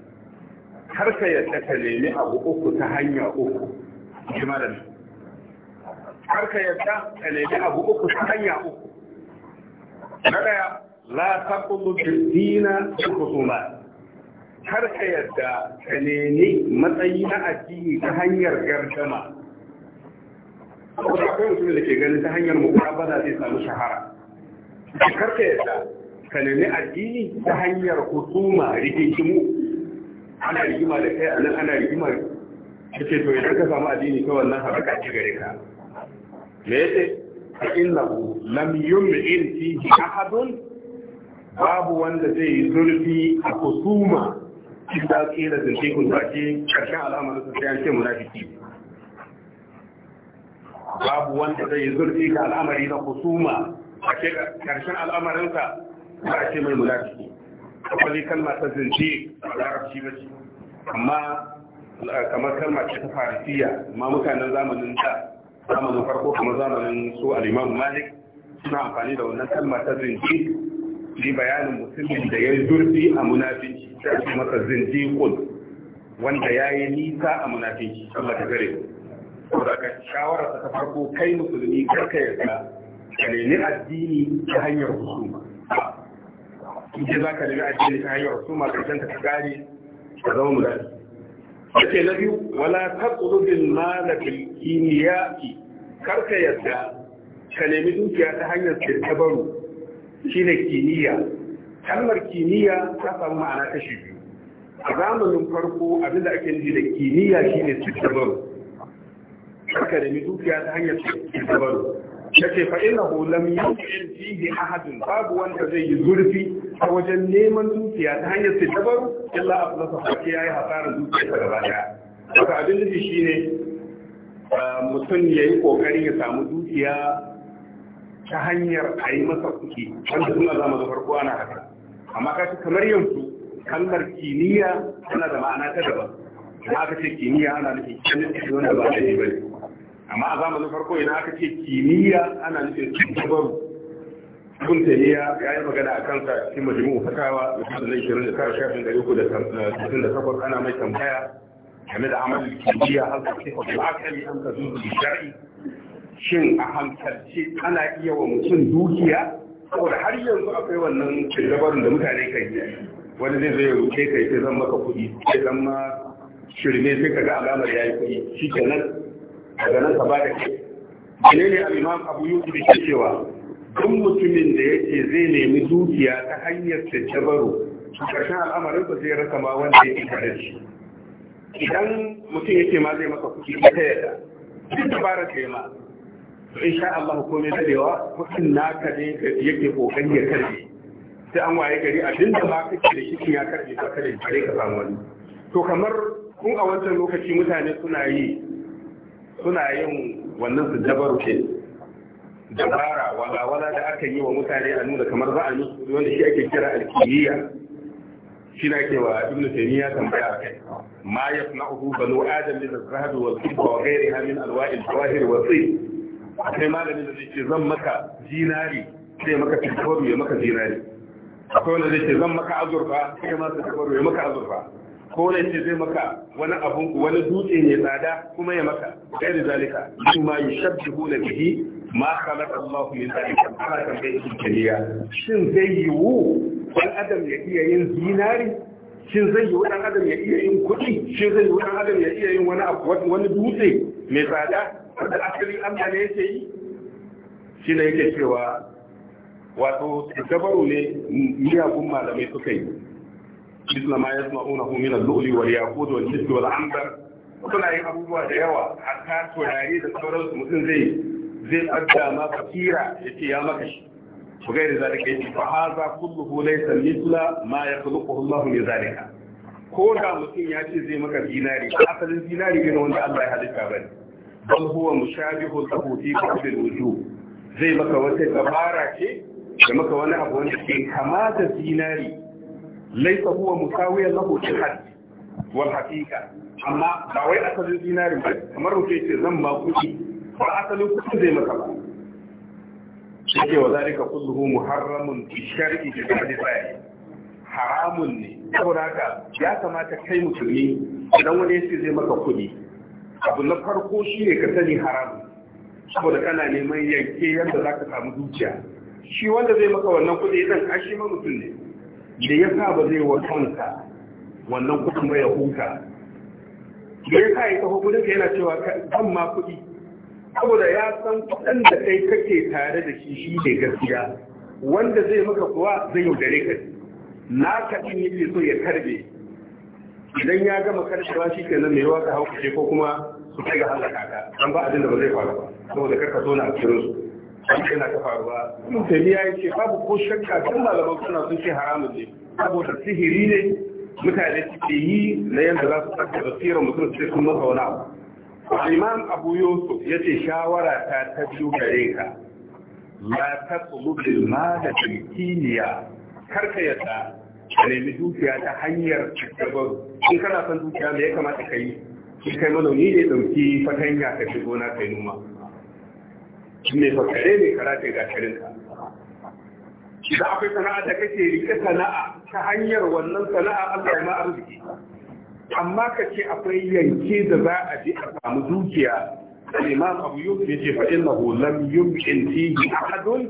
kar ka yadda ka nemi abu uku ta hanya uku jima'a har ka yadda ka nemi abu uku ta hanya uku na daya la taqulu dina da kusuma. har ka yadda ka nemi matsayi na addini ta hanyar gardama saboda akwai mutum da ke ganin ta hanyar muqabala zai samu shahara kar ka yadda ka nemi addini ta hanyar kusuma rigingimu ana rigima da kai a nan ana rigima da ke to idan ka samu addini ta wannan haɓaka ce gare ka me yace fa innahu lam yum'in fihi ahadun babu wanda zai yi zurfi a kusuma inda kira da shi kun baki karshen al'amarin sa sai an ce munafiki babu wanda zai yi zurfi ga al'amari na kusuma a karshen al'amarin sa ba ce mai munafiki akwai kalma ta zinci a larabci ba ce amma kamar kalma ce ta farisiya amma mutanen zamanin ta. zamanin farko kuma zamanin su al'imamu malik suna amfani da wannan kalmar ta zinci ni bayanin musulmin da ya yi zurfi a munafinci ta ce masa zinci kun wanda ya yi nisa a munafinci Allah ta gare ku daga shawararsa ta farko kai musulmi karka yarda ka nemi addini ta hanyar husuma in za ka nemi addini ta hanyar husuma karshen ta kare ka zama munafinci Ake na biyu wala taqrubil mala bil ki, karka yadda ka nemi dukiya ta hanyar shi ne kimiyya kalmar kimiyya ta samu ma'ana shi biyu a zamanin farko abinda ake nufi da kimiyya shine tabaru karka nemi dukiya ta hanyar tabaru yace fa innahu lam yu'in fihi ahadun babu wanda zai yi zurfi a wajen neman dukiya ta hanyar tadabaru illa aflasa ya yayi hasarar dukiya ta gaba daya haka abin nufi shine mutum yayi kokarin ya samu dukiya ta hanyar a yi masa kuɗi wanda suna zama da farko ana haka amma kashi kamar yanzu kalmar kimiyya tana da ma'ana ta daban da ce kimiyya ana nufin kyanin wanda ba da ne ba ne amma a zamanin farko idan aka ce kimiyya ana nufin tabaru kun tayyiya ya yi magana a kansa cikin majmu'u fatawa da da 29 shafin 368 ana mai tambaya game da amalin kimiyya har ka ce wata akali an ka zuzu da shari'i shin a hankalci ana iya wa mutum dukiya saboda har yanzu akwai wannan tabarin da mutane yi. wani zai zo ya rufe kai sai zan maka kuɗi sai zan ma shirme sai ka ga alamar ya yi kuɗi shi kenan daga nan ka ba da ke menene ne imam abu yusuf ke cewa Don mutumin da yake zai nemi dukiya ta hanyar tattabaru karshen al'amarin ba zai rasa ma wanda yake da shi idan mutum yake ma zai maka kuɗi ta yadda duk dabara ta yi ma in sha Allah komai dadewa kuɗin naka ne yake ƙoƙari ya karbe sai an waye gari abin da ma kake da shi ya karbe ka kare ka samu wani to kamar kun a wancan lokaci mutane suna yi suna yin wannan su jabaru ke wala walawala da aka yi wa mutane a nuna kamar za a yi wanda shi ake kira alkiyya shi na kewa ibn taymiya tambaya kai ma yasna'uhu banu adam min az-zahab wal fidda wa gairi min alwa'il jawahir wa tsib akai malamin da zai ce zan maka zinari sai maka tabaru ya maka zinari akwai wanda zai ce zan maka azurfa sai ma tabaru ya maka azurfa ko da ce zai maka wani abun wani dutse ne tsada kuma ya maka kai da zalika su ma yushabbihu hula bihi ma khalaqa Allahu min zalika ana tambaye shi kariya shin zai yiwu dan adam ya iya yin zinari shin zai yiwu dan adam ya iya yin kuɗi shin zai yiwu dan adam ya iya yin wani abu wani dutse mai tsada wanda asali Allah ne yake yi shi ne yake cewa wato tabaru ne miyagun malamai suka yi مثل ما يصنعونه من اللؤل والياقوت والجسد والعنبر وكل هاي ابوها دا يوا حتى سو ناري دا سوره مسلم زي زي ادى ما كثيرا يا مكش وغير ذلك فهذا كله ليس مثل ما يخلقه الله لذلك كودا مسلم ياتي زي مكا ديناري اصل ديناري بين وند الله يحدك بعد بل هو مشابه له في كل الوجوه زي مكا وتي تبارك كما كان ابو كما تديناري laisa huwa musawiyan lahu fil haddi wal haqiqa amma ba wai asalin dinarin ba kamar mutum ce zan ba kuɗi ba asalin kuɗi zai maka ba
shi ke wa zalika kulluhu
muharramun bi shar'i bi hadisi haramun ne saboda haka ya kamata kai musulmi idan wani yake zai maka kuɗi abu na farko shine ka sani haramun saboda kana neman yanke yadda za ka samu zuciya shi wanda zai maka wannan kuɗi idan ashi ma mutum ne da ya sa ba zai wa wannan kuma ba ya huta da ya sa ya taho kudin ka yana cewa kan ma kudi saboda ya san kudin da kai kake tare da shi shi ne gaskiya wanda zai maka kuwa zai yaudare ka na kaɗin yake so ya karbe idan ya gama karshewa shi nan, mai yawa ka hau ko kuma su kai ga halaka ka an ba abin da ba zai faru ba saboda karka so na a cikin su yana ta faruwa ibn taymiya yace babu ko shakka kan malaman suna sun ce haramun ne saboda sihiri ne mutane suke yi na yanda za su tsaka basirar mutum sai sun masa wani abu imam abu yusuf yace shawara ta ta biyu gare ka la taqlub lil mala Kar karka yadda ka nemi dukiya ta hanyar cikabar in kana son dukiya me ya kamata ka yi shi kai manomi ne dauki fatanya ka shigo na kai noma shi ne kare ne karate ga ka shi da akwai sana'a da kake rike sana'a ta hanyar wannan sana'a Allah ya ma arziki amma ka ce akwai yanke da za a je a samu dukiya imam abu yau ya ce fa'in na hulam yumkin fihi ahadun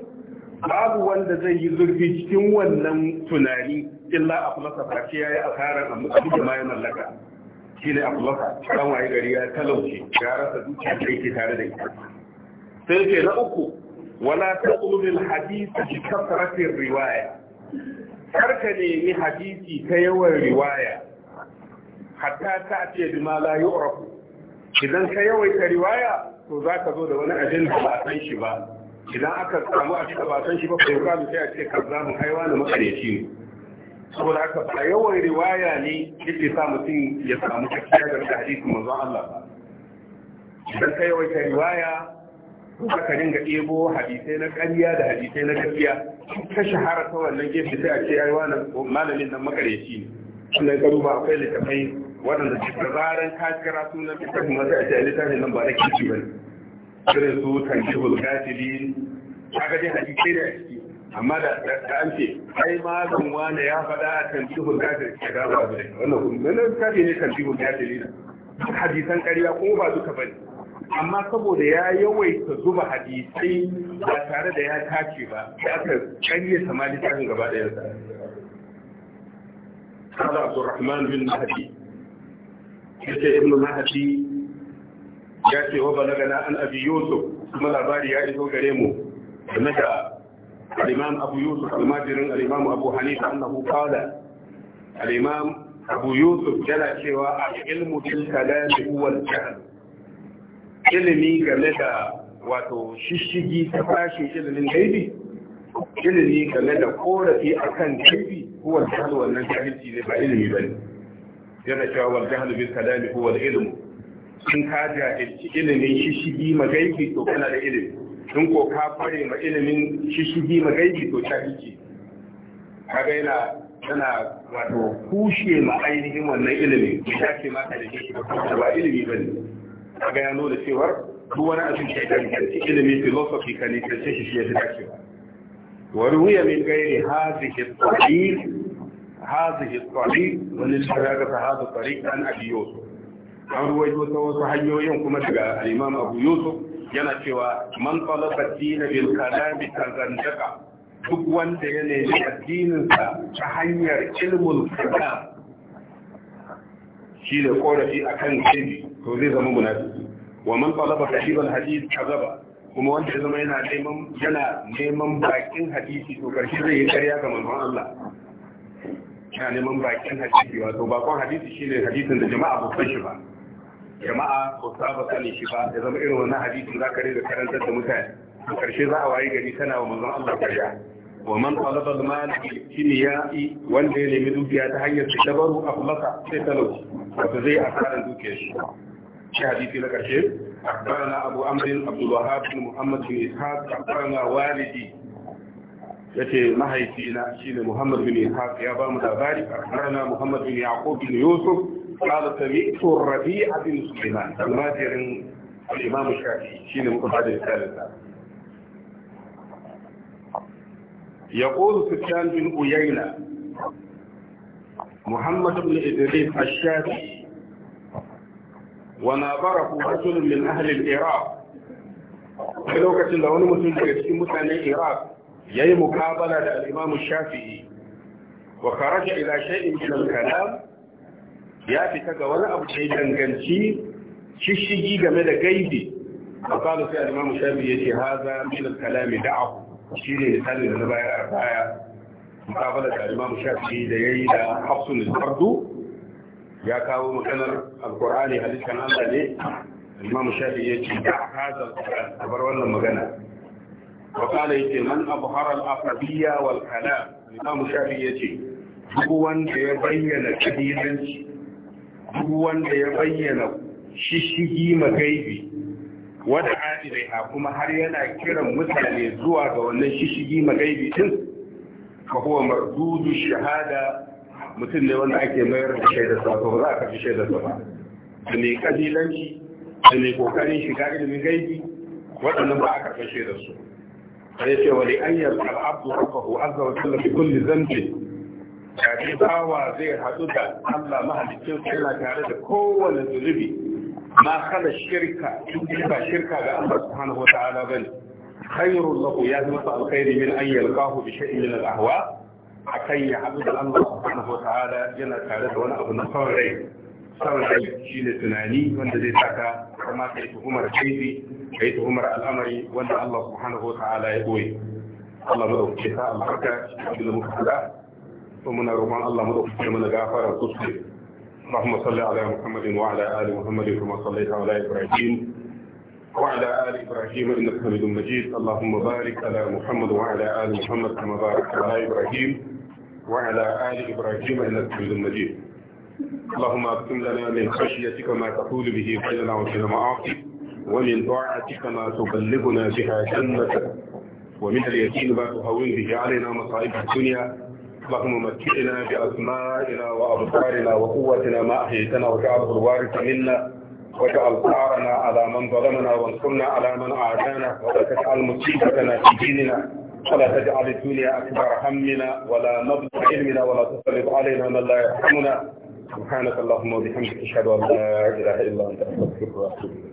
babu wanda zai yi zurfi cikin wannan tunani illa a fulasa ba ya yi asarar abu da ma mallaka shi ne a fulasa kan waye gari ya talauce ya rasa dukiya da yake tare da ita sai ke na uku wala hadisi hadith bi kasratir riwaya karka ni hadisi ta yawan riwaya hatta ta ce ma la yu'rafu idan ka yawaita riwaya to za ka zo da wani ajin da ba san shi ba idan aka samu a cikin ba san shi ba ko ka sai a ce mu haiwa na makareci ne saboda haka ba yawan riwaya ne yake sa mutum ya samu cikakken da hadisi manzon Allah ba idan ka yawaita riwaya aka ringa ɗebo hadisai na ƙarya da hadisai na gaskiya ta shahara ta wannan gefe sai a ce ai nan malamin nan makareci ne sannan ka duba akwai littafai waɗanda da zaran ka sunan littafin masu a ce ta nan ba na kirki ba ne irin su tanjihul gatili ta dai hadisai da ciki amma da an ce ai malam wane ya faɗa a tanjihul gatili ka gaba da wannan kuma ne tanjihul gatili na hadisan ƙarya kuma ba duka bane amma saboda ya yawaita zuba hadisai ba tare da ya tace ba ya ka canye sama littafin gaba da yanzu kada abu rahman bin mahadi ya ce ibn mahadi ya ce wa balaga na an abi yusuf kuma labari ya iso gare mu game da al abu yusuf al-majirin al abu hanifa annahu qala al-imam abu yusuf yana cewa al-ilmu bil kalam huwa al-jahl ilimi game da wato shishigi ta fashe ilimin gaibi ilimi game da korafi akan gaibi huwa jahal wannan jahilci ne ba ilimi ne yana cewa wal jahilu bin kalami kuwa da ilimu in ka jahilci ilimin shishigi ma gaibi to kana da ilimi in ko ka fare ma ilimin shishigi ma gaibi to jahilci kaga yana tana wato kushe ma ainihin wannan ilimin ya ce maka da shi ba ilimi ba ne kaga ya nuna cewar duk wani abin da ya danganci ilimin philosophy ka ne kace shi ya fi dacewa Wani wuya min gairi hadhihi at-tariq hadhihi at-tariq wa nishaga ta hadha at-tariq an abi yusuf an ruwai wata wasu hanyoyin kuma daga al-imam abu yusuf yana cewa man talaba dina bil kalami kazandaka duk wanda ya nemi addininsa ta hanyar ilmul kalam shi da korafi akan ilmi to zai zama munafiki wa man talaba kashibal hadith kazaba kuma wanda ya zama yana neman yana neman bakin hadisi to karshe zai yi ƙarya ga manzon Allah yana neman bakin hadisi wato bakon hadisi shine hadisin da jama'a ba san shi ba jama'a ba saba sani shi ba ya zama irin wannan hadisin za ka rika karantar da mutane to karshe za a wayi gari tana wa manzon Allah ƙarya. wa man talaba al-mal yi wanda ya nemi dukiya ta hanyar dabaru aflasa sai talauci wato zai yi asaran dukiyar shi في حديث لك الشيخ أخبرنا أبو عمرو عبد الوهاب بن محمد بن إسحاق mahaifina shine Muhammad bin ya bamu mu labari akhbarana Muhammad bin Yaqub bin Yusuf qala sami'tu Rabi'a bin Sulaiman al-Madirin al-Imam Shafi'i shine muka bada misalin يقول سفيان بن أيينة محمد بن إدريس الشافعي وناظره رجل من أهل العراق في لوكة لو نمتن في مثل العراق يي مقابلة الإمام الشافعي وخرج إلى شيء من الكلام ya fita ga wani abu da danganci shishigi game da gaibi a kwallo sai alimamu shafi ya haza milar kalami da abu shi ne da na bayar a baya mukabala da alimamu shafi da ya yi da hafsun fardu ya kawo maganar alkur'ani halittar Allah ne imam shafi ya ce da hazar bar wannan magana wa ya ce man abu al-afrabiyya wal kalam imam shafi ya ce duk wanda ya bayyana kabilanci duk wanda ya bayyana shishigi magaibi wada adilaiha kuma har yana kiran mutane zuwa ga wannan shishigi magaibi din Ka huwa mardudu shahada mutum ne wanda ake mayar da shaida sa ba za ka kafi shaida sa ba da mai kabilanci da mai kokarin shiga ilimin gaibi waɗannan ba a karɓi shaidar su sai ce wani an yarda al'abdu rabbahu azza wa jalla bi kulli dhanbi kaji bawa zai haɗu da Allah mahalicin sa yana tare da kowane zunubi ma kala shirka duk ba shirka ga Allah subhanahu wa ta'ala bane khairul lahu ya zama alkhairi min an yalqahu bi shay'in min al-ahwa a kai ya haɗu da Allah subhanahu wa ta'ala yana tare da wani abu na son rai son rai shi ne tunani wanda zai saka kama ka yi tuhumar kaifi ka yi tuhumar al'amari wanda Allah subhanahu wa ta'ala ya ɓoye Allah madaukake ta albarka shi da muka haɗa to muna roƙon Allah madaukake mana gafara kuskure اللهم صل على محمد وعلى ال محمد كما صليت على ابراهيم وعلى آل إبراهيم إنك حميد مجيد اللهم بارك على محمد وعلى آل محمد كما باركت على إبراهيم وعلى آل إبراهيم إنك حميد مجيد اللهم اقسم لنا من خشيتك ما تقول به بيننا وبين معاصيك ومن طاعتك ما تبلغنا بها جنتك ومن اليقين ما تهون به علينا مصائب الدنيا اللهم متعنا بأسمائنا وأبصارنا وقوتنا ما أحييتنا وجعله الوارث منا واجعل ثارنا على من ظلمنا وانصرنا على من أعدانا ولا تجعل مصيبتنا في ديننا ولا تجعل الدنيا أكبر همنا ولا مبلغ علمنا ولا تسلط علينا من لا يرحمنا سبحانك اللهم وبحمدك أشهد أن لا إله إلا أنت أستغفرك وأتوب إليك